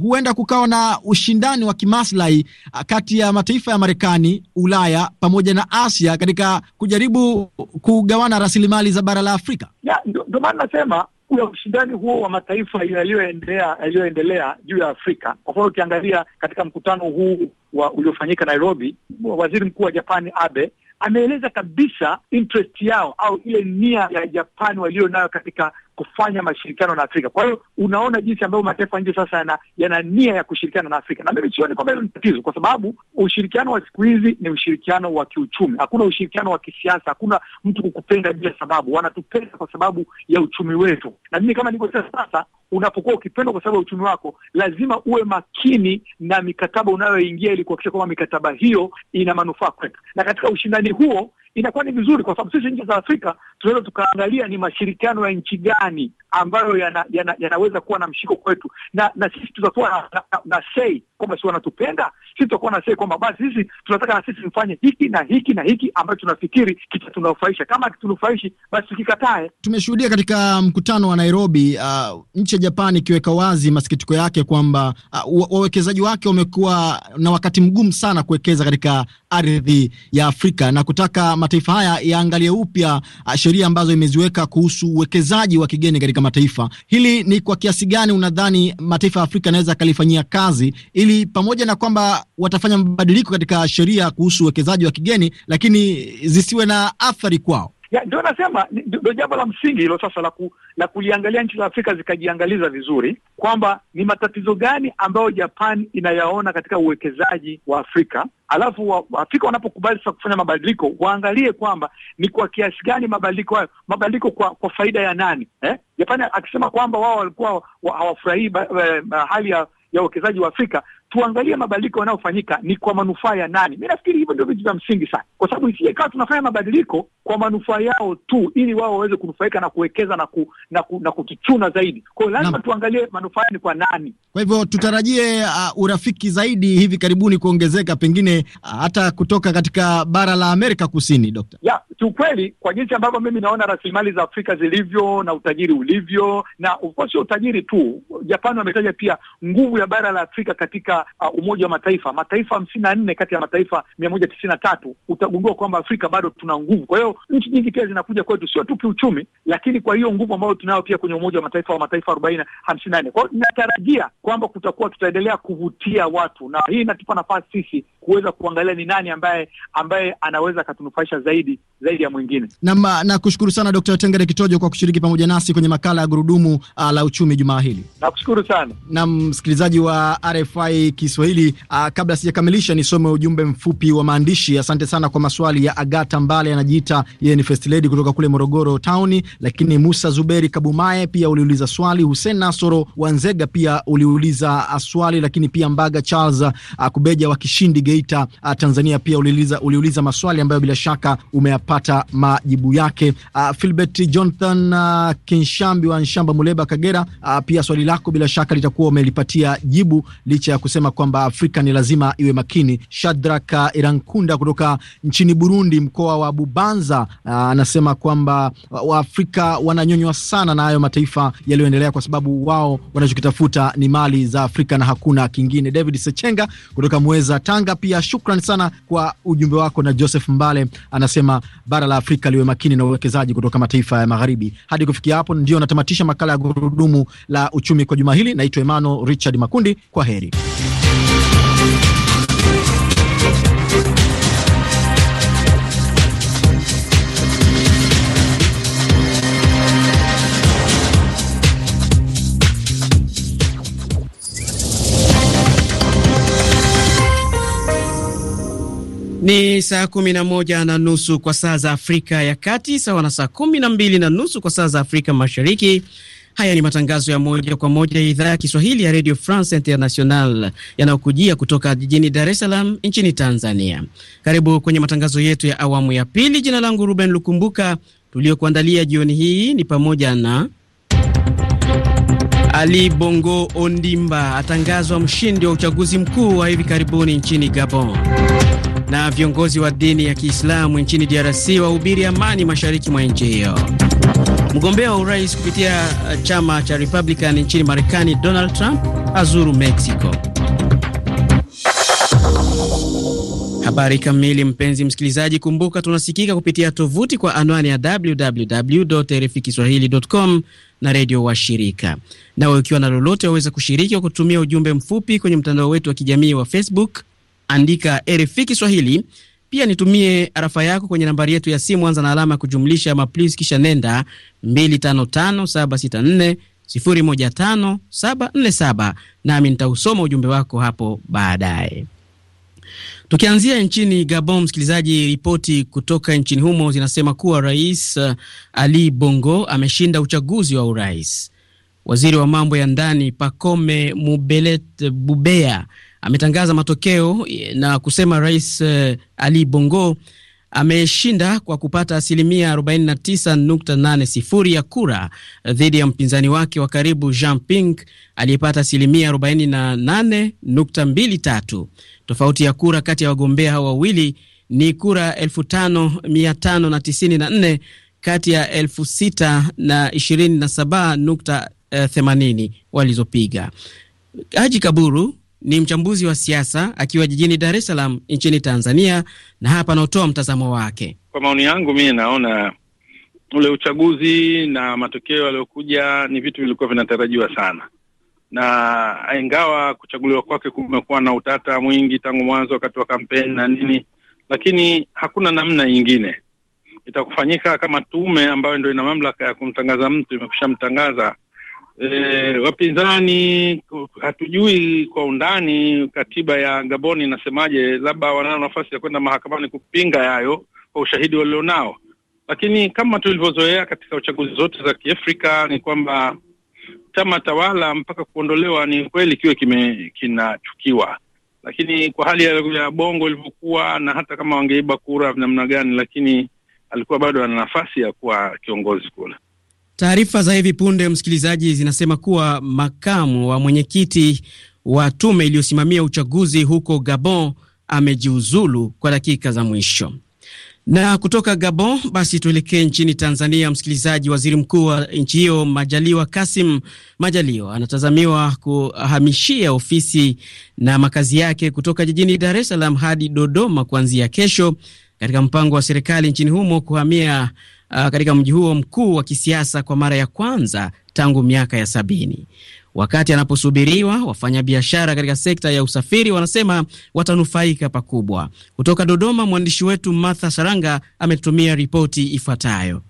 huenda kukawa na ushindani wa kimaslahi uh, kati ya mataifa ya Marekani, Ulaya pamoja na Asia katika kujaribu kugawana rasili rasilimali za bara la Afrika. Ndio maana nasema ya ushindani huo wa mataifa yaliyoendelea yaliyoendelea juu ya Afrika. Kwa mfano, ukiangalia katika mkutano huu wa uliofanyika Nairobi, waziri mkuu wa Japani Abe ameeleza kabisa interest yao au ile nia ya Japani walio nayo katika kufanya mashirikiano na Afrika. Kwa hiyo unaona jinsi ambavyo mataifa nje sasa yana, yana nia ya kushirikiana na Afrika, na mimi sioni kwamba hilo ni tatizo, kwa sababu ushirikiano wa siku hizi ni ushirikiano wa kiuchumi, hakuna ushirikiano wa kisiasa. Hakuna mtu kukupenda bila sababu, wanatupenda kwa sababu ya uchumi wetu, na mimi kama nilivyosema sasa unapokuwa ukipendwa kwa sababu ya uchumi wako, lazima uwe makini na mikataba unayoingia ili kuhakikisha kwamba mikataba hiyo ina manufaa kwetu, na katika ushindani huo inakuwa ni vizuri kwa sababu sisi nchi za Afrika tunaweza tukaangalia ni mashirikiano ya nchi gani ambayo yanaweza yana, yana kuwa na mshiko kwetu, na na sisi tutakuwa na, na, na, na sei kwamba si wanatupenda sisi, tutakuwa na sei kwamba basi sisi tunataka na sisi tufanye hiki na hiki na hiki ambacho tunafikiri kitatunufaisha. Kama kitunufaishi, basi tukikatae. Tumeshuhudia katika mkutano wa Nairobi uh, nchi ya Japan ikiweka wazi masikitiko yake kwamba uh, wawekezaji wake wamekuwa na wakati mgumu sana kuwekeza katika ardhi ya Afrika na kutaka mataifa haya yaangalie upya uh, sheria ambazo imeziweka kuhusu uwekezaji wa kigeni katika mataifa. Hili ni kwa kiasi gani unadhani mataifa ya Afrika yanaweza akalifanyia kazi ili pamoja na kwamba watafanya mabadiliko katika sheria kuhusu uwekezaji wa kigeni, lakini zisiwe na athari kwao? Ndio nasema ndio jambo la msingi hilo sasa la, ku, la kuliangalia nchi za Afrika zikajiangaliza vizuri kwamba ni matatizo gani ambayo Japan inayaona katika uwekezaji wa Afrika, alafu wa, Afrika wanapokubali sasa kufanya mabadiliko waangalie kwamba ni kwa kiasi gani mabadiliko hayo, mabadiliko kwa, kwa faida ya nani eh? Japani akisema kwamba wao walikuwa hawafurahii wa, wa, eh, hali ya ya uwekezaji wa Afrika tuangalie mabadiliko yanayofanyika ni kwa manufaa ya nani. Mi nafikiri hivyo ndio vitu vya msingi sana, kwa sababu isije ikawa tunafanya mabadiliko kwa manufaa yao tu, ili wao waweze kunufaika na kuwekeza na, ku, na, ku, na kutuchuna zaidi. Kwa hiyo lazima tuangalie manufaa ni kwa nani. Kwa hivyo tutarajie uh, urafiki zaidi hivi karibuni kuongezeka, pengine uh, hata kutoka katika bara la Amerika Kusini, Dokta. Yeah, kiukweli, kwa jinsi ambavyo mimi naona rasilimali za Afrika zilivyo na utajiri ulivyo, na sio utajiri tu, Japani wametaja pia nguvu ya bara la Afrika katika uh, Umoja wa Mataifa, mataifa hamsini na nne kati ya mataifa mia moja tisini na tatu. Utagundua kwamba Afrika bado tuna nguvu. Kwa hiyo nchi nyingi pia zinakuja kwetu, sio tu kiuchumi, lakini kwa hiyo nguvu ambayo tunayo pia kwenye Umoja wa Mataifa wa mataifa arobaini hamsini na nne. kwao, natarajia kwamba kutakuwa, tutaendelea kuvutia watu, na hii inatupa nafasi sisi kuweza kuangalia ni nani ambaye ambaye anaweza akatunufaisha zaidi zaidi ya mwingine. Na nakushukuru sana Dkt. Tengere Kitojo kwa kushiriki pamoja nasi kwenye makala ya gurudumu uh, la uchumi jumaa hili. Nakushukuru sana. Na msikilizaji wa RFI Kiswahili, uh, kabla sijakamilisha nisome ujumbe mfupi wa maandishi. Asante sana kwa maswali ya Agata Mbale, anajiita yeye ni first lady kutoka kule Morogoro tawni. Lakini Musa Zuberi Kabumae pia uliuliza swali, Hussein Nasoro Wanzega pia uliuliza swali, lakini pia Mbaga Charles uh, Kubeja wa Kishindi Geita, uh, Tanzania pia uliuliza uliuliza maswali ambayo bila shaka umeyapata kupata majibu yake. Uh, Philbert Jonathan uh, Kinshambi wa Nshamba, Muleba, Kagera, uh, pia swali lako bila shaka litakuwa umelipatia jibu licha ya kusema kwamba Afrika ni lazima iwe makini. Shadraka Irankunda kutoka nchini Burundi, mkoa wa Bubanza, anasema uh, kwamba Waafrika wananyonywa sana na hayo mataifa yaliyoendelea kwa sababu wao wanachokitafuta ni mali za Afrika na hakuna kingine. David Sechenga kutoka mweza Tanga, pia shukran sana kwa ujumbe wako. Na Joseph Mbale anasema bara la Afrika liwe makini na uwekezaji kutoka mataifa ya magharibi. Hadi kufikia hapo, ndio natamatisha makala ya gurudumu la uchumi kwa juma hili. Naitwa Emmanuel Richard Makundi, kwa heri. Ni saa kumi na moja na nusu kwa saa za Afrika ya Kati, sawa na saa kumi na mbili na nusu kwa saa za Afrika Mashariki. Haya ni matangazo ya moja kwa moja ya idhaa ya Kiswahili ya Radio France International yanayokujia kutoka jijini Dar es Salaam nchini Tanzania. Karibu kwenye matangazo yetu ya awamu ya pili. Jina langu Ruben Lukumbuka. Tuliokuandalia jioni hii ni pamoja na Ali Bongo Ondimba atangazwa mshindi wa uchaguzi mkuu wa hivi karibuni nchini Gabon na viongozi wa dini ya Kiislamu nchini DRC wahubiri amani mashariki mwa nchi hiyo. Mgombea wa urais kupitia uh, chama cha Republican nchini Marekani, Donald Trump azuru Mexico. Habari kamili, mpenzi msikilizaji, kumbuka tunasikika kupitia tovuti kwa anwani ya www.rfikiswahili.com na redio wa shirika. Nawe ukiwa na lolote, waweza kushiriki kwa kutumia ujumbe mfupi kwenye mtandao wetu wa kijamii wa Facebook andika RFI Kiswahili. Pia nitumie arafa yako kwenye nambari yetu ya simu, anza na alama ya kujumlisha ama plus, kisha nenda 255764015747 nami nitausoma ujumbe wako hapo baadaye. Tukianzia nchini Gabon, msikilizaji, ripoti kutoka nchini humo zinasema kuwa Rais uh, Ali Bongo ameshinda uchaguzi wa urais. Waziri wa mambo ya ndani pacome Mubelet Bubea ametangaza matokeo eh, na kusema Rais eh, Ali Bongo ameshinda kwa kupata asilimia 49.80 ya kura eh, dhidi ya mpinzani wake wa karibu Jean Ping aliyepata asilimia 48.23. Tofauti ya kura kati ya wagombea hao wawili ni kura 5594 kati ya 627.80 walizopiga. Haji Kaburu ni mchambuzi wa siasa akiwa jijini Dar es Salaam nchini Tanzania, na hapa anaotoa mtazamo wake. Kwa maoni yangu, mimi naona ule uchaguzi na matokeo yaliyokuja ni vitu vilikuwa vinatarajiwa sana, na ingawa kuchaguliwa kwake kumekuwa na utata mwingi tangu mwanzo, wakati wa kampeni na nini, lakini hakuna namna nyingine itakufanyika kama tume ambayo ndo ina mamlaka ya kumtangaza mtu imekushamtangaza eh, wapinzani hatujui kwa undani katiba ya Gaboni inasemaje, labda wanayo nafasi ya kwenda mahakamani kupinga yayo kwa ushahidi walionao, lakini kama tulivyozoea katika uchaguzi zote za Kiafrika ni kwamba chama tawala mpaka kuondolewa ni kweli kiwe kime- kinachukiwa, lakini kwa hali ya Bongo ilivyokuwa, na hata kama wangeiba kura namna gani, lakini alikuwa bado ana nafasi ya kuwa kiongozi kule. Taarifa za hivi punde, msikilizaji, zinasema kuwa makamu wa mwenyekiti wa tume iliyosimamia uchaguzi huko Gabon amejiuzulu kwa dakika za mwisho. Na kutoka Gabon basi tuelekee nchini Tanzania, msikilizaji. Waziri mkuu wa nchi hiyo Majaliwa Kasim Majaliwa anatazamiwa kuhamishia ofisi na makazi yake kutoka jijini Dar es Salaam hadi Dodoma kuanzia kesho, katika mpango wa serikali nchini humo kuhamia uh, katika mji huo mkuu wa kisiasa kwa mara ya kwanza tangu miaka ya sabini. Wakati anaposubiriwa, wafanyabiashara katika sekta ya usafiri wanasema watanufaika pakubwa. Kutoka Dodoma, mwandishi wetu Martha Saranga ametumia ripoti ifuatayo.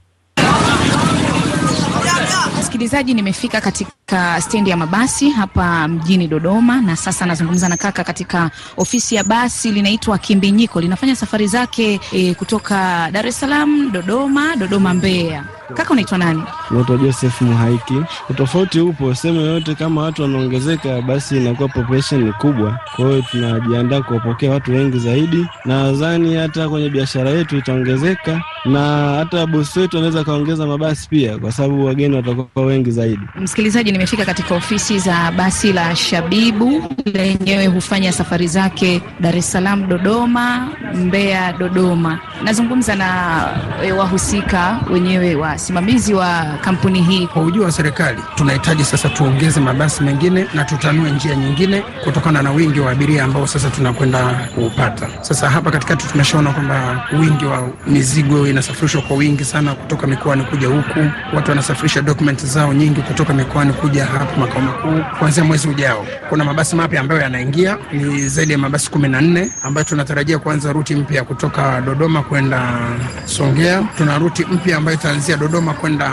Msikilizaji, nimefika katika stendi ya mabasi hapa mjini Dodoma, na sasa nazungumza na kaka katika ofisi ya basi linaitwa Kimbinyiko, linafanya safari zake e, kutoka Dar es Salaam, Dodoma, Dodoma Mbeya. Kaka, unaitwa nani? Naitwa Joseph Muhaiki. Utofauti upo sehemu yoyote, kama watu wanaongezeka, basi inakuwa population ni kubwa, kwa hiyo tunajiandaa kuwapokea watu wengi zaidi. Nadhani hata kwenye biashara yetu itaongezeka, na hata bosi wetu anaweza akaongeza mabasi pia, kwa sababu wageni watakuwa wengi zaidi. Msikilizaji, nimefika katika ofisi za basi la Shabibu, lenyewe hufanya safari zake Dar es Salaam, Dodoma, Mbeya, Dodoma. Nazungumza na eh, wahusika wenyewe wa wasimamizi wa kampuni hii. Kwa ujio wa serikali, tunahitaji sasa tuongeze mabasi mengine na tutanue njia nyingine kutokana na wingi wa abiria ambao sasa tunakwenda kuupata. Sasa hapa katikati tumeshaona kwamba wingi wa mizigo inasafirishwa kwa wingi sana kutoka mikoani kuja huku, watu wanasafirisha dokumenti zao nyingi kutoka mikoani kuja hapa makao makuu. Kuanzia mwezi ujao, kuna mabasi mapya ambayo yanaingia, ni zaidi ya mabasi kumi na nne ambayo tunatarajia kuanza ruti mpya kutoka Dodoma kwenda Songea. Tuna ruti mpya ambayo itaanzia Dodoma kwenda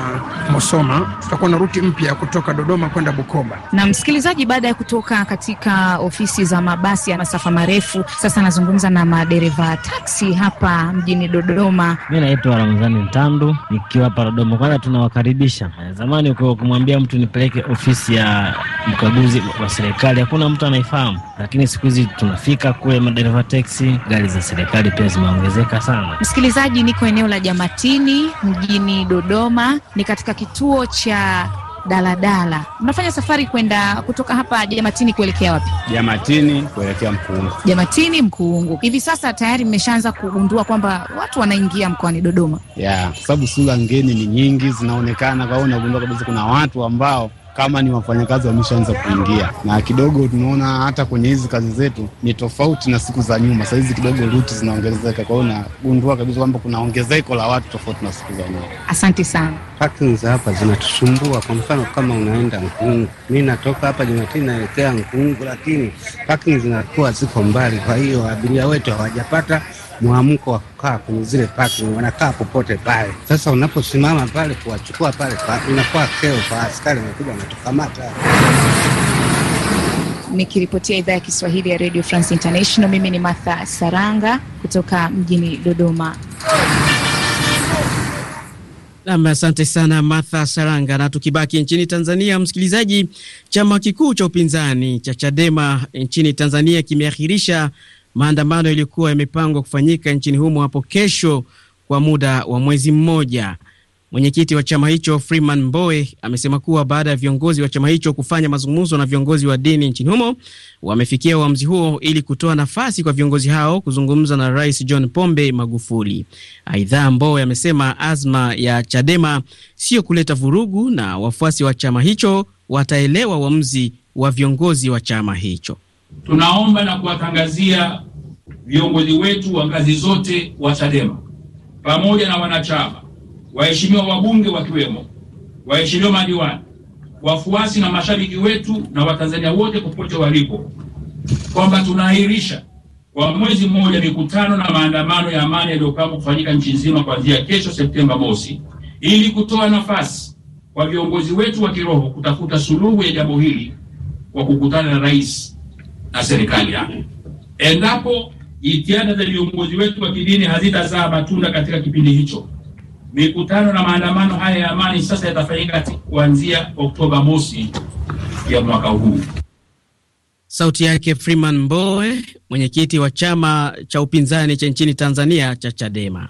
mosoma Tutakuwa na ruti mpya kutoka Dodoma kwenda Bukoba. Na msikilizaji, baada ya kutoka katika ofisi za mabasi ya masafa marefu, sasa nazungumza na madereva taksi hapa mjini Dodoma. Mi naitwa Ramzani Ntandu nikiwa hapa Dodoma. Kwanza tunawakaribisha. Eh, zamani kumwambia mtu nipeleke ofisi ya mkaguzi wa serikali, hakuna mtu anaifahamu, lakini siku hizi tunafika kule, madereva teksi, gari za serikali pia zimeongezeka sana. Msikilizaji, niko eneo la Jamatini mjini Dodoma Dodoma, ni katika kituo cha daladala. Mnafanya safari kwenda kutoka hapa Jamatini kuelekea wapi? Jamatini kuelekea Mkuungu. Jamatini Mkuungu. Hivi sasa tayari mmeshaanza kugundua kwamba watu wanaingia mkoani Dodoma? Yeah, kwa sababu sura ngeni ni nyingi zinaonekana, kwa hiyo unagundua kabisa kuna watu ambao kama ni wafanyakazi wameshaanza kuingia, na kidogo tunaona hata kwenye hizi kazi zetu ni tofauti na siku za nyuma. Saa hizi kidogo ruti zinaongezeka, kwa hiyo nagundua kabisa kwamba kuna ongezeko la watu tofauti na siku za nyuma. Asante sana. Parking za hapa zinatusumbua. Kwa mfano kama unaenda Nkungu, mi natoka hapa Jumatini naelekea Nkungu, lakini parking zinakuwa ziko mbali, kwa hiyo abiria wetu hawajapata mwamko wa kukaa kwenye zile parking, wanakaa popote pale. Sasa unaposimama pale kuwachukua pale, inakuwa keo kwa askari, wanakuja wanatukamata. Nikiripotia idhaa ya Kiswahili ya Radio France International, mimi ni Martha Saranga kutoka mjini Dodoma. Nam, asante sana Martha Saranga. Na tukibaki nchini Tanzania, msikilizaji, chama kikuu cha upinzani cha Chadema nchini Tanzania kimeahirisha Maandamano yaliyokuwa yamepangwa kufanyika nchini humo hapo kesho kwa muda wa mwezi mmoja. Mwenyekiti wa chama hicho Freeman Mbowe amesema kuwa baada ya viongozi wa chama hicho kufanya mazungumzo na viongozi wa dini nchini humo, wamefikia uamuzi huo ili kutoa nafasi kwa viongozi hao kuzungumza na Rais John Pombe Magufuli. Aidha, Mbowe amesema azma ya Chadema sio kuleta vurugu na wafuasi wa chama hicho wataelewa uamuzi wa viongozi wa chama hicho tunaomba na kuwatangazia viongozi wetu wa ngazi zote wa Chadema pamoja na wanachama, waheshimiwa wabunge wakiwemo, waheshimiwa madiwani, wafuasi na mashabiki wetu na Watanzania wote popote walipo, kwamba tunaahirisha kwa mwezi mmoja mikutano na maandamano ya amani yaliyopangwa kufanyika nchi nzima kuanzia kesho Septemba mosi, ili kutoa nafasi kwa viongozi wetu wa kiroho kutafuta suluhu ya jambo hili kwa kukutana na rais na serikali yake. Endapo jitihada za viongozi wetu wa kidini hazitazaa matunda katika kipindi hicho, mikutano na maandamano haya ya amani sasa yatafanyika kuanzia Oktoba mosi ya mwaka huu. Sauti yake Freeman Mbowe, mwenyekiti wa chama cha upinzani cha nchini Tanzania cha Chadema.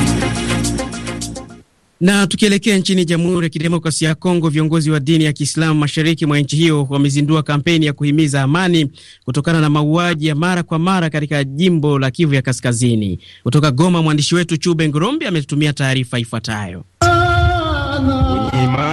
Na tukielekea nchini Jamhuri ya Kidemokrasia ya Kongo, viongozi wa dini ya Kiislamu mashariki mwa nchi hiyo wamezindua kampeni ya kuhimiza amani kutokana na mauaji ya mara kwa mara katika jimbo la Kivu ya Kaskazini. Kutoka Goma, mwandishi wetu Chube Ngorombi ametutumia taarifa ifuatayo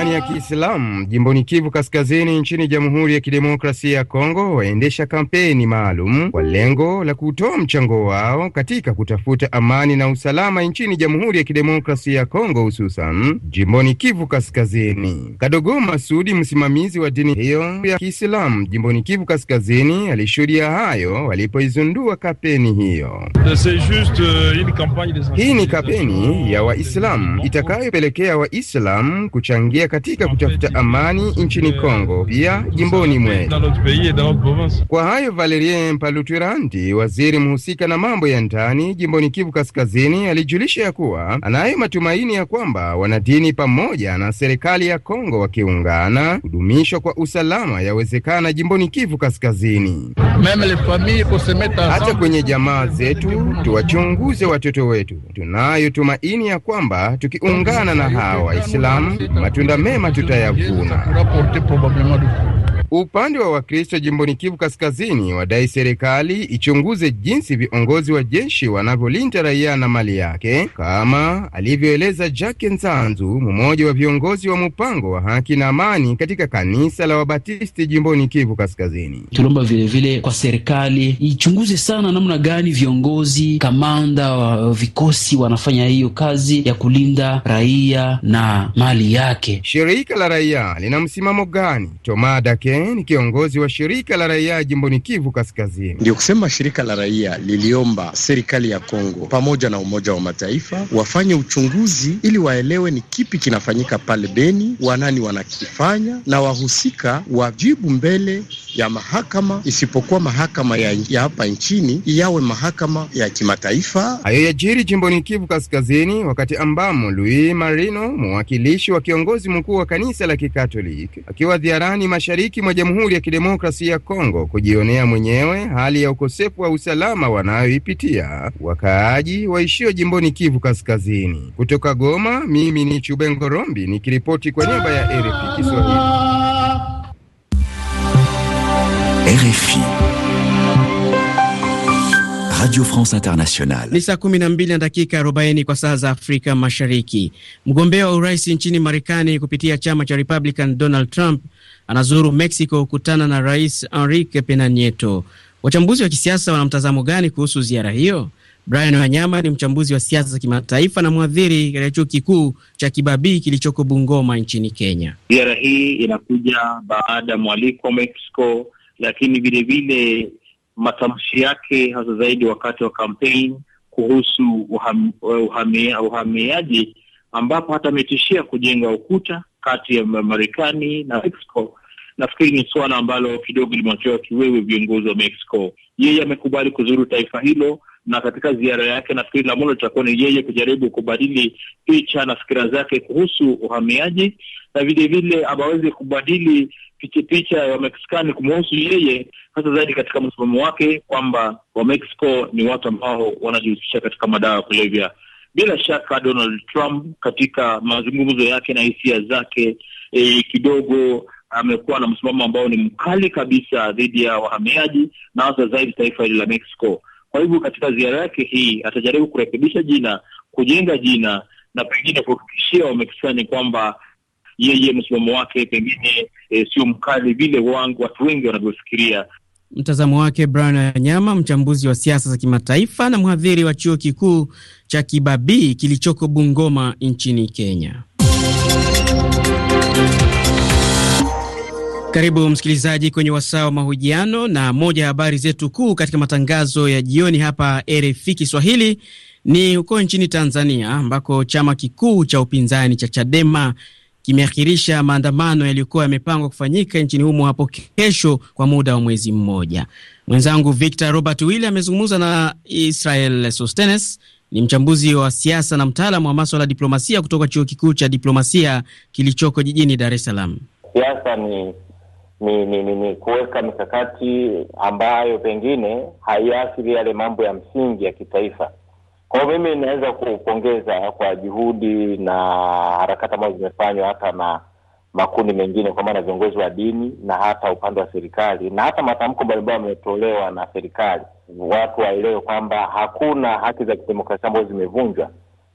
imani ya Kiislamu jimboni Kivu Kaskazini nchini Jamhuri ya Kidemokrasia ya Kongo waendesha kampeni maalum kwa lengo la kutoa mchango wao katika kutafuta amani na usalama nchini Jamhuri ya Kidemokrasia ya Kongo, hususan jimboni Kivu Kaskazini. Kadogo Masudi, msimamizi wa dini hiyo ya Kiislamu jimboni Kivu Kaskazini, alishuhudia hayo walipoizundua kampeni hiyo. Euh, Hii ni kampeni ya Waislamu itakayopelekea Waislamu kuchangia katika kutafuta amani nchini Kongo, pia jimboni mwetu. Kwa hayo, Valerie mpaluturandi waziri mhusika na mambo ya ndani jimboni Kivu Kaskazini, alijulisha ya kuwa anayo matumaini ya kwamba wanadini pamoja na serikali ya Kongo wakiungana, kudumishwa kwa usalama yawezekana jimboni Kivu Kaskazini. Hata kwenye jamaa zetu tuwachunguze watoto wetu. Tunayo tumaini ya kwamba tukiungana na hawa Waislamu matunda mema tutayavuna. Upande wa Wakristo jimboni Kivu Kaskazini wadai serikali ichunguze jinsi viongozi wa jeshi wanavyolinda raia na mali yake, kama alivyoeleza Jake Nzanzu, mmoja wa viongozi wa mpango wa haki na amani katika kanisa la Wabatisti jimboni Kivu Kaskazini. Tunaomba vilevile kwa serikali ichunguze sana namna gani viongozi, kamanda wa vikosi wanafanya hiyo kazi ya kulinda raia na mali yake. Shirika la raia lina msimamo gani? Tomada Ken ni kiongozi wa shirika la raia jimboni Kivu Kaskazini. Ndio kusema shirika la raia liliomba serikali ya Kongo pamoja na Umoja wa Mataifa wafanye uchunguzi ili waelewe ni kipi kinafanyika pale Beni, wanani wanakifanya, na wahusika wajibu mbele ya mahakama, isipokuwa mahakama ya, ya hapa nchini yawe mahakama ya kimataifa. Hayo yajiri jimboni Kivu Kaskazini wakati ambamo Louis Marino, mwakilishi wa kiongozi mkuu wa kanisa la Kikatoliki, akiwa ziarani mashariki mwa Jamhuri ya Kidemokrasia ya Kongo kujionea mwenyewe hali ya ukosefu wa usalama wanayoipitia wakaaji waishio jimboni Kivu Kaskazini. Kutoka Goma, mimi ni Chubengo Rombi nikiripoti kwa niaba ya RFI Kiswahili. RFI. Radio France Internationale. Ni saa kumi na dakika arobaini kwa saa za Afrika Mashariki. Mgombea wa urais nchini Marekani kupitia chama cha Republican Donald Trump anazuru Mexico kukutana na Rais Enrique Pena Nieto. Wachambuzi wa kisiasa wana mtazamo gani kuhusu ziara hiyo? Brian Wanyama ni mchambuzi wa siasa za kimataifa na mwadhiri katika chuo kikuu cha Kibabii kilichoko Bungoma nchini Kenya. Ziara hii inakuja baada ya mwaliko wa Mexico, lakini vilevile matamshi yake hasa zaidi wakati wa kampeni kuhusu uham, uh, uhame, uhamiaji ambapo hata ametishia kujenga ukuta kati ya Marekani na Mexico. Nafikiri ni suala ambalo kidogo limewachoa kiwewe viongozi wa Mexico. Yeye amekubali kuzuru taifa hilo, na katika ziara yake nafikiri la mono litakuwa ni yeye kujaribu kubadili picha na fikira zake kuhusu uhamiaji, na vilevile amaweze kubadili picha ya Wameksikani kumhusu yeye, hasa zaidi katika msimamo wake kwamba Wamexico ni watu ambao wanajihusisha katika madawa ya kulevya. Bila shaka Donald Trump katika mazungumzo yake na hisia zake e, kidogo amekuwa na msimamo ambao ni mkali kabisa dhidi ya wahamiaji na hasa zaidi taifa hili la Mexico. Kwa hivyo katika ziara yake hii atajaribu kurekebisha jina, kujenga jina na pengine kuhakikishia Wameksikani kwamba yeye msimamo wake pengine e, sio mkali vile wangu watu wengi wanavyofikiria. Mtazamo wake Brian Wanyama, mchambuzi wa siasa za kimataifa na mhadhiri wa chuo kikuu cha Kibabii kilichoko Bungoma nchini Kenya. Karibu msikilizaji kwenye wasaa wa mahojiano, na moja ya habari zetu kuu katika matangazo ya jioni hapa RFI Kiswahili ni huko nchini Tanzania ambako chama kikuu cha upinzani cha Chadema kimeahirisha maandamano yaliyokuwa yamepangwa kufanyika nchini humo hapo kesho kwa muda wa mwezi mmoja. Mwenzangu Victor Robert will amezungumza na Israel Sostenes, ni mchambuzi wa siasa na mtaalamu wa maswala ya diplomasia kutoka chuo kikuu cha diplomasia kilichoko jijini Dar es Salaam. Siasa ni ni ni, ni, ni kuweka mikakati ambayo pengine haiathiri yale mambo ya msingi ya kitaifa kwao. mimi inaweza kupongeza kwa juhudi na harakati ambazo zimefanywa hata na makundi mengine, kwa maana viongozi wa dini na hata upande wa serikali na hata matamko mbalimbali yametolewa na serikali. Watu waelewe kwamba hakuna haki za kidemokrasia ambazo zimevunjwa,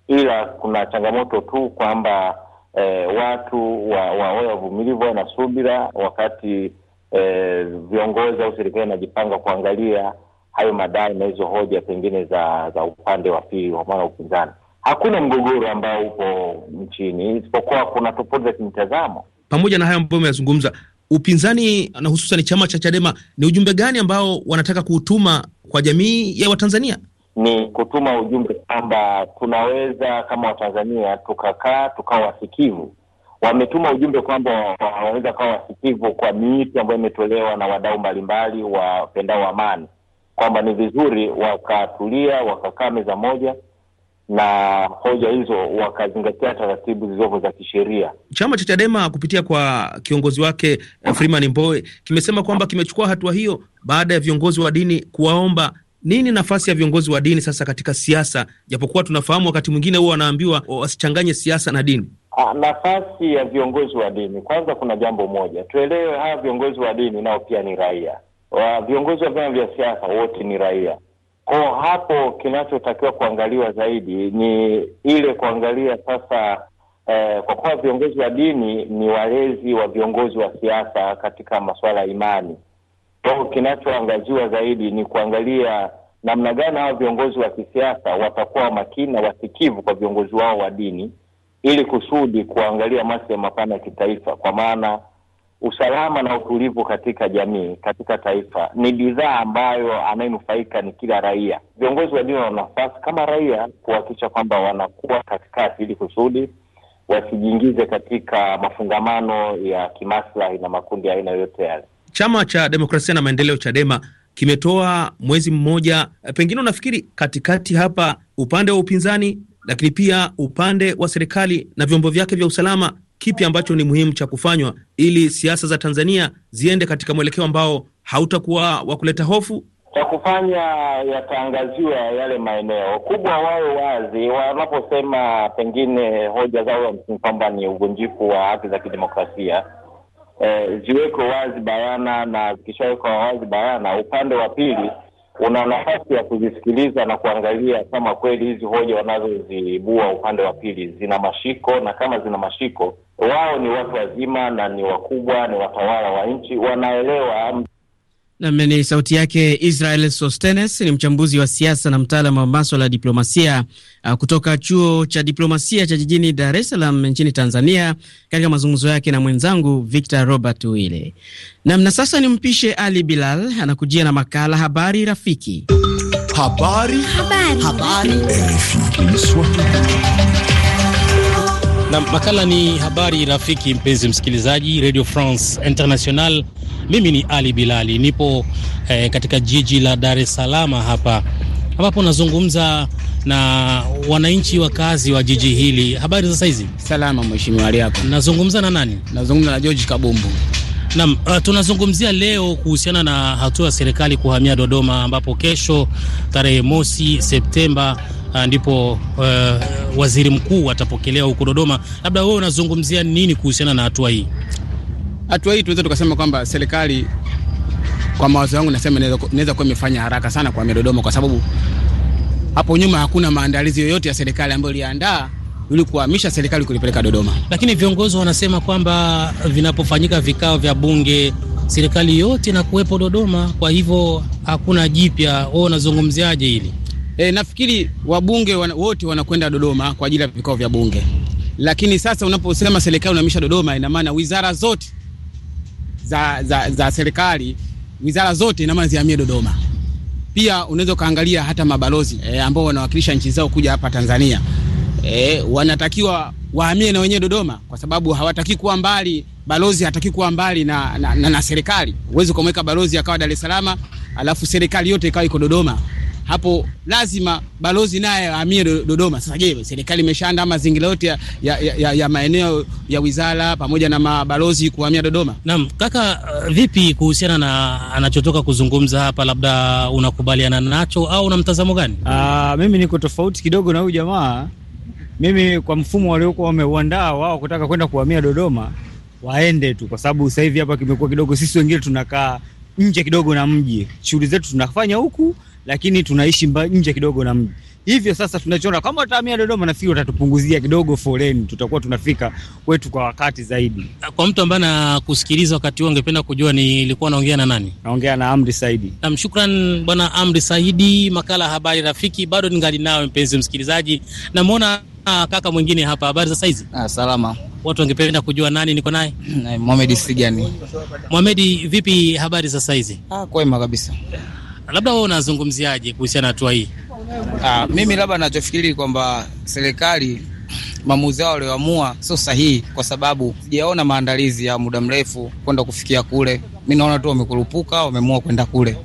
ila kuna changamoto tu kwamba eh, watu wawe wavumilivu, wawe na subira wakati eh, viongozi au serikali inajipanga kuangalia hayo madai na hizo hoja pengine za za upande wa pili wa maana upinzani. Hakuna mgogoro ambao upo nchini, isipokuwa kuna tofauti za kimtazamo Pamoja na hayo ambayo umeyazungumza, upinzani na hususan chama cha Chadema, ni ujumbe gani ambao wanataka kuutuma kwa jamii ya Watanzania? Ni kutuma ujumbe kwamba tunaweza kama Watanzania tukakaa tukawa wasikivu. Wametuma ujumbe kwamba wanaweza kawa wasikivu kwa miito ambayo imetolewa na wadau mbalimbali wapendao amani wa kwamba ni vizuri wakatulia, wakakaa meza moja na hoja hizo wakazingatia taratibu zilizopo za kisheria. Chama cha Chadema kupitia kwa kiongozi wake eh, Freeman Mbowe kimesema kwamba kimechukua hatua hiyo baada ya viongozi wa dini kuwaomba. Nini nafasi ya viongozi wa dini sasa katika siasa, japokuwa tunafahamu wakati mwingine huwa wanaambiwa wasichanganye siasa na dini? Ah, nafasi ya viongozi wa dini, kwanza kuna jambo moja tuelewe, hawa viongozi wa dini nao pia ni raia wa viongozi wa vyama vya siasa wote ni raia. Kwa hapo kinachotakiwa kuangaliwa zaidi ni ile kuangalia sasa eh, kwa kuwa viongozi wa dini ni walezi wa viongozi wa siasa katika masuala ya imani. Kwa kinachoangaziwa zaidi ni kuangalia namna gani hawa viongozi wa kisiasa watakuwa makini na wasikivu kwa viongozi wao wa dini ili kusudi kuangalia ya mapana ya kitaifa kwa maana usalama na utulivu katika jamii, katika taifa, ni bidhaa ambayo anayenufaika ni kila raia. Viongozi wa dini wana nafasi kama raia kuhakikisha kwamba wanakuwa katikati, ili kusudi wasijiingize katika mafungamano ya kimaslahi na makundi ya aina yoyote yale. Chama cha Demokrasia na Maendeleo, Chadema, kimetoa mwezi mmoja, pengine unafikiri katikati hapa upande wa upinzani lakini pia upande wa serikali na vyombo vyake vya usalama kipi ambacho ni muhimu cha kufanywa ili siasa za Tanzania ziende katika mwelekeo ambao hautakuwa wa kuleta hofu? Cha kufanya yataangaziwa yale maeneo kubwa, wawe wazi wanaposema pengine hoja zao za msingi kwamba ni uvunjifu wa haki za kidemokrasia. E, eh, ziweko wazi bayana, na zikishawekwa wazi bayana, upande wa pili una nafasi ya kuzisikiliza na kuangalia kama kweli hizi hoja wanazoziibua upande wa pili zina mashiko, na kama zina mashiko, wao ni watu wazima na ni wakubwa, ni watawala wa nchi, wanaelewa ni sauti yake Israel Sostenes ni mchambuzi wa siasa na mtaalam wa maswala ya diplomasia uh, kutoka chuo cha diplomasia cha jijini Dar es Salaam nchini Tanzania, katika mazungumzo yake na mwenzangu Victor Robert Wile. Namna sasa ni mpishe Ali Bilal anakujia na makala habari rafiki. Habari. Habari. Habari. Habari na makala ni habari rafiki. Mpenzi msikilizaji, Radio France International, mimi ni Ali Bilali, nipo eh, katika jiji la Dar es Salaam hapa ambapo nazungumza na wananchi wakazi wa jiji hili. Habari za saizi? Salama mheshimiwa, hali Nazungumza na nani? Nazungumza na George Kabumbu. Naam, uh, tunazungumzia leo kuhusiana na hatua ya serikali kuhamia Dodoma ambapo kesho tarehe mosi Septemba Ah, ndipo uh, waziri mkuu atapokelewa huko Dodoma. Labda wewe unazungumzia nini kuhusiana na hatua hii? Hatua hii tunaweza tukasema kwamba serikali, kwa mawazo yangu, nasema inaweza kuwa imefanya haraka sana kwa Dodoma, kwa sababu hapo nyuma hakuna maandalizi yoyote ya serikali ambayo iliandaa ili kuhamisha serikali kulipeleka Dodoma. Lakini viongozi wanasema kwamba vinapofanyika vikao vya bunge serikali yote na kuwepo Dodoma, kwa hivyo hakuna jipya. Wewe unazungumziaje hili? E, nafikiri wabunge wana, wote wanakwenda Dodoma kwa ajili ya vikao vya bunge, lakini sasa unaposema serikali unahamisha Dodoma, ina maana wizara zote za, za, za serikali wizara zote ina maana zihamie Dodoma. Pia unaweza ukaangalia hata mabalozi e, ambao wanawakilisha nchi zao kuja hapa Tanzania e, wanatakiwa wahamie na wenyewe Dodoma kwa sababu hawataki kuwa mbali. Balozi hataki kuwa mbali na, na, na, na serikali. Huwezi ukamweka balozi akawa Dar es Salaam alafu serikali yote ikawa iko Dodoma hapo lazima balozi naye ahamie Dodoma. Sasa je, serikali imeshaandaa mazingira yote ya, ya, ya, ya maeneo ya wizara pamoja na mabalozi kuhamia Dodoma? Naam kaka, uh, vipi kuhusiana na anachotoka kuzungumza hapa, labda unakubaliana nacho au una mtazamo gani? Aa, ah, mimi niko tofauti kidogo na huyu jamaa. Mimi kwa mfumo waliokuwa wameuandaa wao kutaka kwenda kuhamia Dodoma, waende tu, kwa sababu sasa hivi hapa kimekuwa kidogo, sisi wengine tunakaa nje kidogo na mji, shughuli zetu tunafanya huku lakini tunaishi nje kidogo na mji. Hivyo sasa tunachoona kama watahamia Dodoma, nafikiri watatupunguzia kidogo foleni, tutakuwa tunafika kwetu kwa wakati zaidi. Kwa mtu ambaye anakusikiliza wakati huo, angependa kujua ni nilikuwa naongea na nani? Naongea na Amri Saidi. Nam, shukran bwana Amri Saidi. Makala habari rafiki, bado ningali nawe mpenzi msikilizaji, namwona Ah, kaka mwingine hapa. Habari za saizi? Ah, salama. Watu wangependa kujua nani niko naye? Mohamed Sigani. Mohamed, vipi habari za saizi? Ah, kwema kabisa. Na labda wewe unazungumziaje kuhusiana na hatua hii? Ah, mimi labda nachofikiri kwamba serikali maamuzi yao walioamua sio sahihi, kwa sababu sijaona maandalizi ya muda mrefu kwenda kufikia kule. Mi naona tu wamekurupuka, wameamua kwenda kule.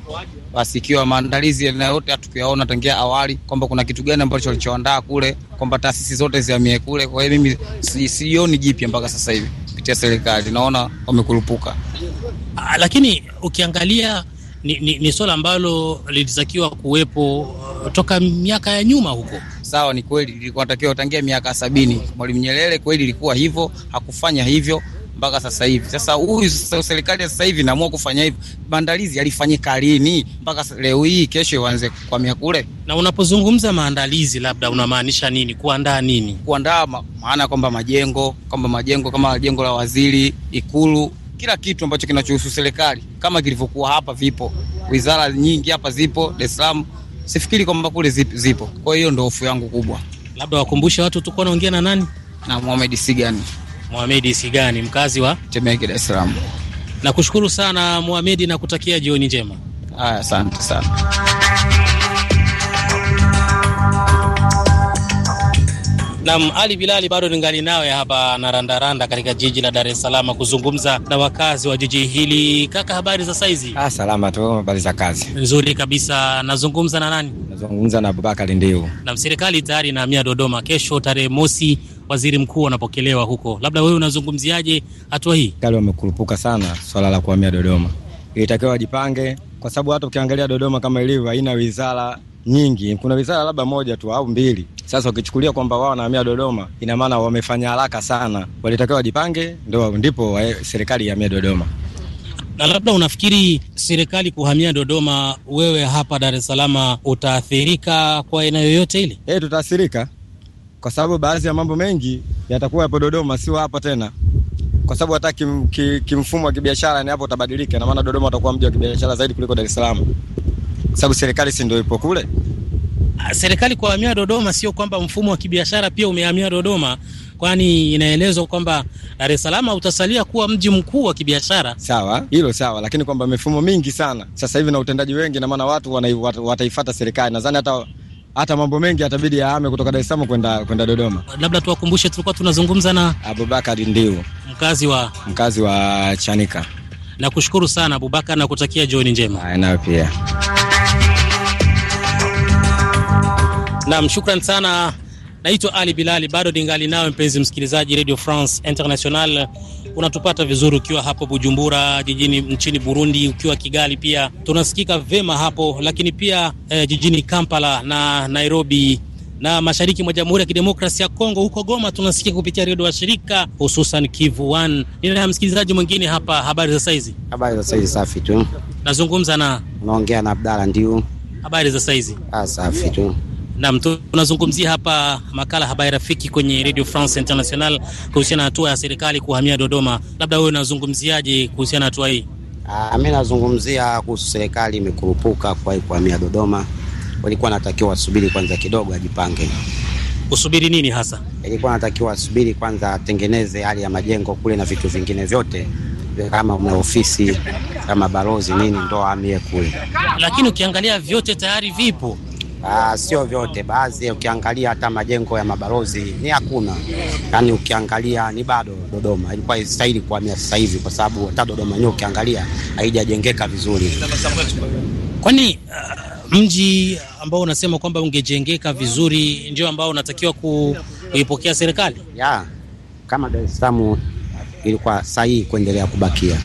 Basi ikiwa maandalizi yote hatukuyaona tangia awali, kwamba kuna kitu gani ambacho walichoandaa kule, kwamba taasisi zote ziamie kule. Kwa hiyo mimi sioni jipya mpaka sasa hivi kupitia serikali, naona wamekurupuka. Ah, lakini ukiangalia ni, ni, ni swala ambalo lilitakiwa kuwepo uh, toka miaka ya nyuma huko. Sawa, ni kweli lilikuwa natakiwa tangia miaka sabini. Mwalimu Nyerere kweli ilikuwa hivyo, hakufanya hivyo mpaka sasa hivi. Sasa huyu serikali ya sasa hivi naamua kufanya hivyo, maandalizi yalifanyika lini mpaka leo hii? Kesho ianze kwamia kule. Na unapozungumza maandalizi, labda unamaanisha nini? Kuandaa nini? Kuandaa ma, maana kwamba majengo kwamba majengo kama jengo la waziri, Ikulu kila kitu ambacho kinachohusu serikali kama kilivyokuwa hapa, vipo wizara nyingi hapa zipo Dar es Salaam, sifikiri kwamba kule zipo. Kwa hiyo ndio hofu yangu kubwa. Labda wakumbushe watu, tulikuwa naongea na nani? Na Mohamed Sigani. Mohamed Sigani, mkazi wa Temeke, Dar es Salaam. Nakushukuru sana Mohamed na kutakia jioni njema. Haya, asante sana. Nam Ali Bilali, bado ningali nawe hapa narandaranda katika jiji la Dar es Salaam kuzungumza na wakazi wa jiji hili. Kaka, habari za saizi? Ah, salama tu, habari za kazi? Nzuri kabisa. Nazungumza na nani? Nazungumza na Abubakari Ndio. Na serikali tayari inahamia Dodoma, kesho tarehe mosi waziri mkuu anapokelewa huko. Labda wewe unazungumziaje hatua hii? Kali wamekurupuka sana swala la kuhamia Dodoma, ilitakiwa wajipange, kwa sababu hata ukiangalia Dodoma kama ilivyo haina wizara nyingi, kuna wizara labda moja tu au mbili. Sasa ukichukulia kwamba wao wanahamia Dodoma, ina maana wamefanya haraka sana, walitakiwa wajipange, ndio ndipo serikali ihamia Dodoma. Na labda unafikiri serikali kuhamia Dodoma, wewe hapa Dar es Salaam utaathirika kwa aina yoyote ile? Eh, tutaathirika kwa sababu baadhi ya mambo mengi yatakuwa yapo Dodoma, sio hapa tena, kwa sababu hata kimfumo kim, kim, wa kibiashara ni hapo utabadilika, na maana Dodoma utakuwa mji wa kibiashara zaidi kuliko Dar es Salaam sababu serikali si ndio ipo kule. Ah, serikali kuhamia Dodoma, sio kwamba mfumo wa kibiashara pia umehamia Dodoma, kwani inaelezwa kwamba Dar es Salaam utasalia kuwa mji mkuu wa kibiashara. Sawa, hilo sawa, lakini kwamba mifumo mingi sana sasa hivi na utendaji wengi, na maana watu wataifuata serikali. Nadhani hata hata mambo mengi atabidi ahame kutoka Dar es Salaam kwenda kwenda Dodoma. Labda tuwakumbushe, tulikuwa tunazungumza na Abubakar Ndiu, mkazi wa mkazi wa Chanika. Nakushukuru sana Abubakar na kutakia jioni njema. Nayo pia. Nam, shukran sana. Naitwa Ali Bilali, bado ningali nawe mpenzi msikilizaji Radio France International. Unatupata vizuri ukiwa hapo Bujumbura jijini nchini Burundi, ukiwa Kigali pia tunasikika vema hapo, lakini pia eh, jijini Kampala na Nairobi na mashariki mwa Jamhuri ya Kidemokrasia ya Kongo, huko Goma tunasikia kupitia redio wa shirika hususan Kivu 1. Nina msikilizaji mwingine hapa. Habari za saizi? Habari za saizi, safi tu. Nazungumza na unaongea na Abdalla, ndio. Habari za saizi? Ah, safi tu. Nam, tunazungumzia hapa makala habari rafiki kwenye Radio France International kuhusiana na hatua ya serikali kuhamia Dodoma. Labda wewe unazungumziaje kuhusiana na hatua hii? Ah, mimi nazungumzia kuhusu serikali imekurupuka kuwahi kuhamia Dodoma. Walikuwa natakiwa wasubiri kwanza kidogo, ajipange. Usubiri nini hasa? Ilikuwa natakiwa wasubiri kwanza, atengeneze hali ya majengo kule na vitu vingine vyote kama una ofisi kama balozi nini, ndo amie kule, lakini ukiangalia vyote tayari vipo Uh, sio vyote, baadhi ukiangalia hata majengo ya mabalozi ni hakuna, yaani ukiangalia ni bado. Dodoma ilikuwa istahili kuhamia sasa hivi, kwa sababu hata Dodoma yenyewe ukiangalia haijajengeka vizuri, kwani uh, mji ambao unasema kwamba ungejengeka vizuri ndio ambao unatakiwa ku, kuipokea serikali yeah. Kama Dar es Salaam ilikuwa sahihi kuendelea kubakia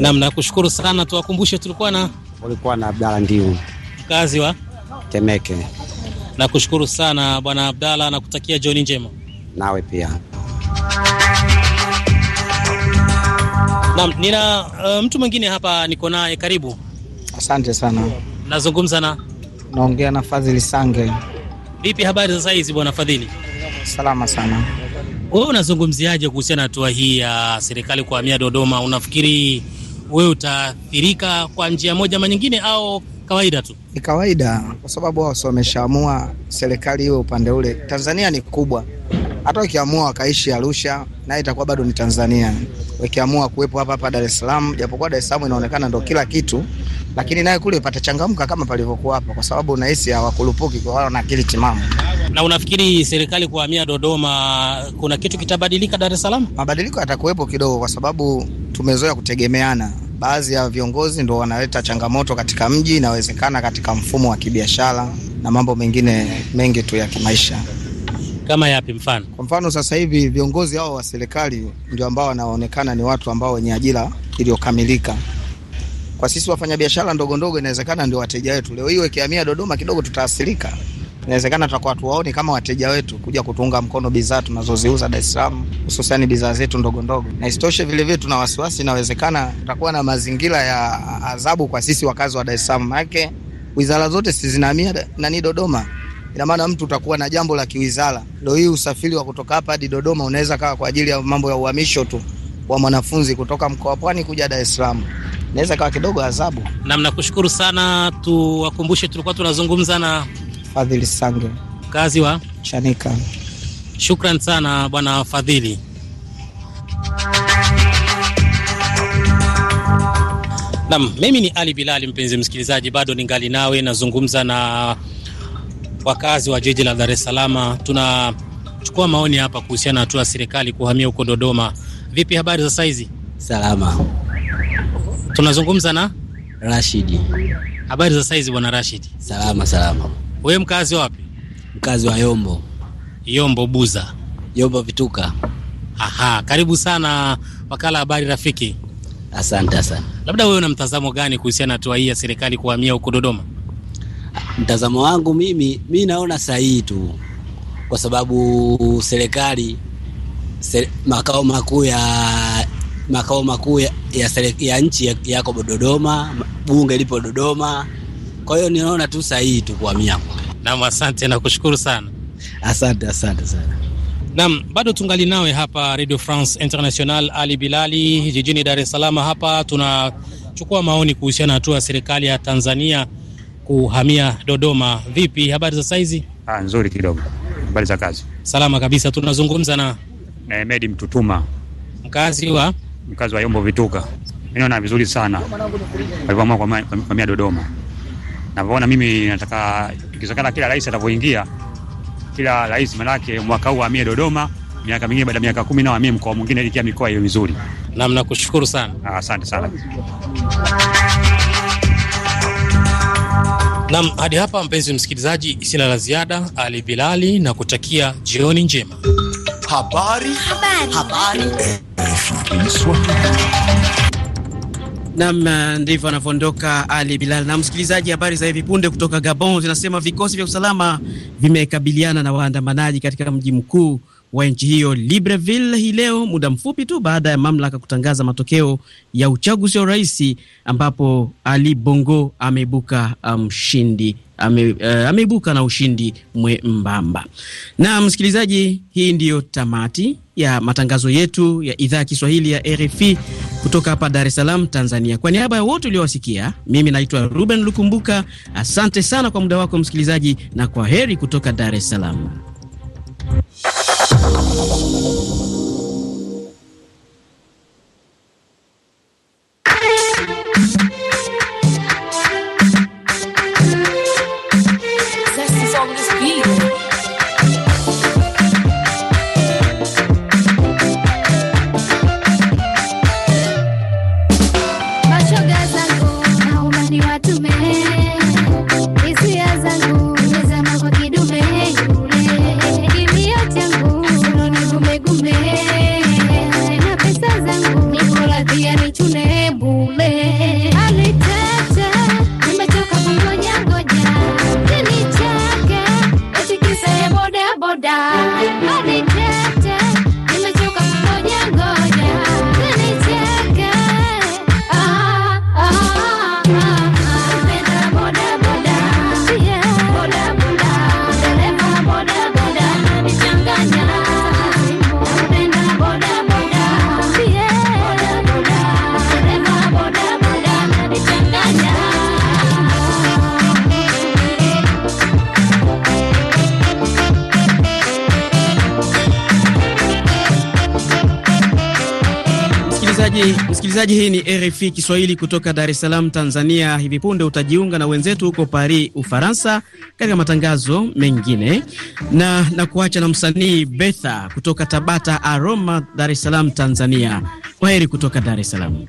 nam. Nakushukuru sana, tuwakumbushe tulikuwa na ulikuwa na Abdalla Ndiu mkazi wa Temeke. Nakushukuru sana Bwana Abdalla na kutakia jioni njema. Nawe pia. Naam, nina uh, mtu mwingine hapa niko naye, karibu. Asante sana. Nazungumza na naongea na Fadhili Sange. Vipi habari za saizi Bwana Fadhili? Salama sana. Wewe unazungumziaje kuhusiana na hatua hii ya serikali kuhamia Dodoma? Unafikiri wewe utaathirika kwa njia moja ama nyingine au kawaida tu? Ni kawaida kwa sababu wao wameshaamua serikali iwe upande ule. Tanzania ni kubwa, hata wakiamua wakaishi Arusha naye itakuwa bado ni Tanzania. Wakiamua kuwepo hapa hapa Dar es Salaam, japokuwa Dar es Salaam inaonekana ndo kila kitu, lakini naye kule changamka kama palivyokuwa hapa, kwa sababu unahisi hawakulupuki kwa wana akili timamu. Na unafikiri serikali kuhamia Dodoma, kuna kitu kitabadilika Dar es Salaam? Mabadiliko yatakuwepo kidogo, kwa sababu tumezoea kutegemeana baadhi ya viongozi ndo wanaleta changamoto katika mji, inawezekana katika mfumo wa kibiashara na mambo mengine mengi tu ya kimaisha. Kama yapi mfano? Kwa mfano sasa hivi viongozi hao wa serikali ndio ambao wanaonekana ni watu ambao wenye ajira iliyokamilika. Kwa sisi wafanyabiashara ndogo ndogo, inawezekana ndio wateja wetu. Leo hii wekihamia Dodoma kidogo tutaathirika inawezekana tutakuwa tuwaoni kama wateja wetu kuja kutunga mkono bidhaa tunazoziuza Dar es Salaam, hususani bidhaa zetu ndogo ndogo. Na isitoshe vilevile tuna wasiwasi, inawezekana tutakuwa na mazingira ya adhabu kwa sisi wakazi wa Dar es Salaam, manake wizara zote si zinahamia nani Dodoma. Ina maana mtu utakuwa na jambo la kiwizara. Ndio hii usafiri wa kutoka hapa hadi Dodoma unaweza kawa kwa ajili ya mambo ya uhamisho tu wa mwanafunzi kutoka mkoa wa Pwani kuja Dar es Salaam naweza kawa kidogo adhabu. Naam, nakushukuru sana. Tuwakumbushe, tulikuwa tunazungumza na Fadhili Sange, mkazi wa Chanika. Shukran sana bwana Fadhili. nam mimi ni Ali Bilali, mpenzi msikilizaji, bado ningali nawe, nazungumza na wakazi wa jiji la Dar es Salaam. Tunachukua maoni hapa kuhusiana na hatua ya serikali kuhamia huko Dodoma. Vipi habari za saizi? Salama. Tunazungumza na Rashidi. Habari za saizi bwana Rashidi? Salama, salama. Wewe mkazi wapi? Mkazi wa Yombo. Yombo Buza. Yombo Vituka. Aha, karibu sana wakala habari rafiki. Asante sana. Labda wewe una mtazamo gani kuhusiana na hatua hii ya serikali kuhamia huko Dodoma? Mtazamo wangu mimi, mi naona sahihi tu, kwa sababu serikali ser, makao makuu ya makao makuu ya, ya, ya nchi yako ya Dodoma, bunge lipo Dodoma. Kwa hiyo ninaona tu sahihi tu kuhamia hapa. Naam, asante na kushukuru sana. Asante, asante sana. Nam, bado tungali nawe hapa Radio France International. Ali Bilali jijini Dar es Salaam hapa tunachukua maoni kuhusiana na hatua ya serikali ya Tanzania kuhamia Dodoma. Vipi, habari za saizi? Ah, nzuri kidogo. Habari za kazi? Salama kabisa. Tunazungumza na Mehmed Mtutuma, mkazi wa mkazi wa Yombo Vituka. Mimi naona vizuri sana walivyoamua kuhamia Dodoma navyoona mimi nataka ikizokana kila rais atavyoingia, kila rais manake mwaka huu amie Dodoma, miaka mingine baada ya miaka kumi na amie mkoa mwingine, ilikia mikoa hiyo mizuri. Nam, nakushukuru sana, ah, asante sana. Nam, hadi hapa mpenzi msikilizaji, sina la ziada. Ali Bilali na kutakia jioni njema. Habari, habari, habari. Eh, eh, Nam, ndivyo anavyoondoka Ali Bilal. Na msikilizaji, habari za hivi punde kutoka Gabon zinasema vikosi vya usalama vimekabiliana na waandamanaji katika mji mkuu wa nchi hiyo Libreville hii leo, muda mfupi tu baada ya mamlaka kutangaza matokeo ya uchaguzi wa urais, ambapo Ali Bongo ameibuka um, mshindi um, ame, uh, ameibuka na ushindi mwembamba. Na msikilizaji, hii ndiyo tamati ya matangazo yetu ya idhaa ya Kiswahili ya RFI kutoka hapa Dar es Salaam, Tanzania. Kwa niaba ya wote uliowasikia, mimi naitwa Ruben Lukumbuka. Asante sana kwa muda wako msikilizaji, na kwa heri kutoka Dar es Salaam. thank you Msikilizaji, msikilizaji, hii ni RFI Kiswahili kutoka Dar es Salaam, Tanzania. Hivi punde utajiunga na wenzetu huko Paris, Ufaransa, katika matangazo mengine, na na kuacha na msanii Betha kutoka Tabata Aroma, Dar es Salaam, Tanzania. Kwa heri kutoka Dar es Salaam.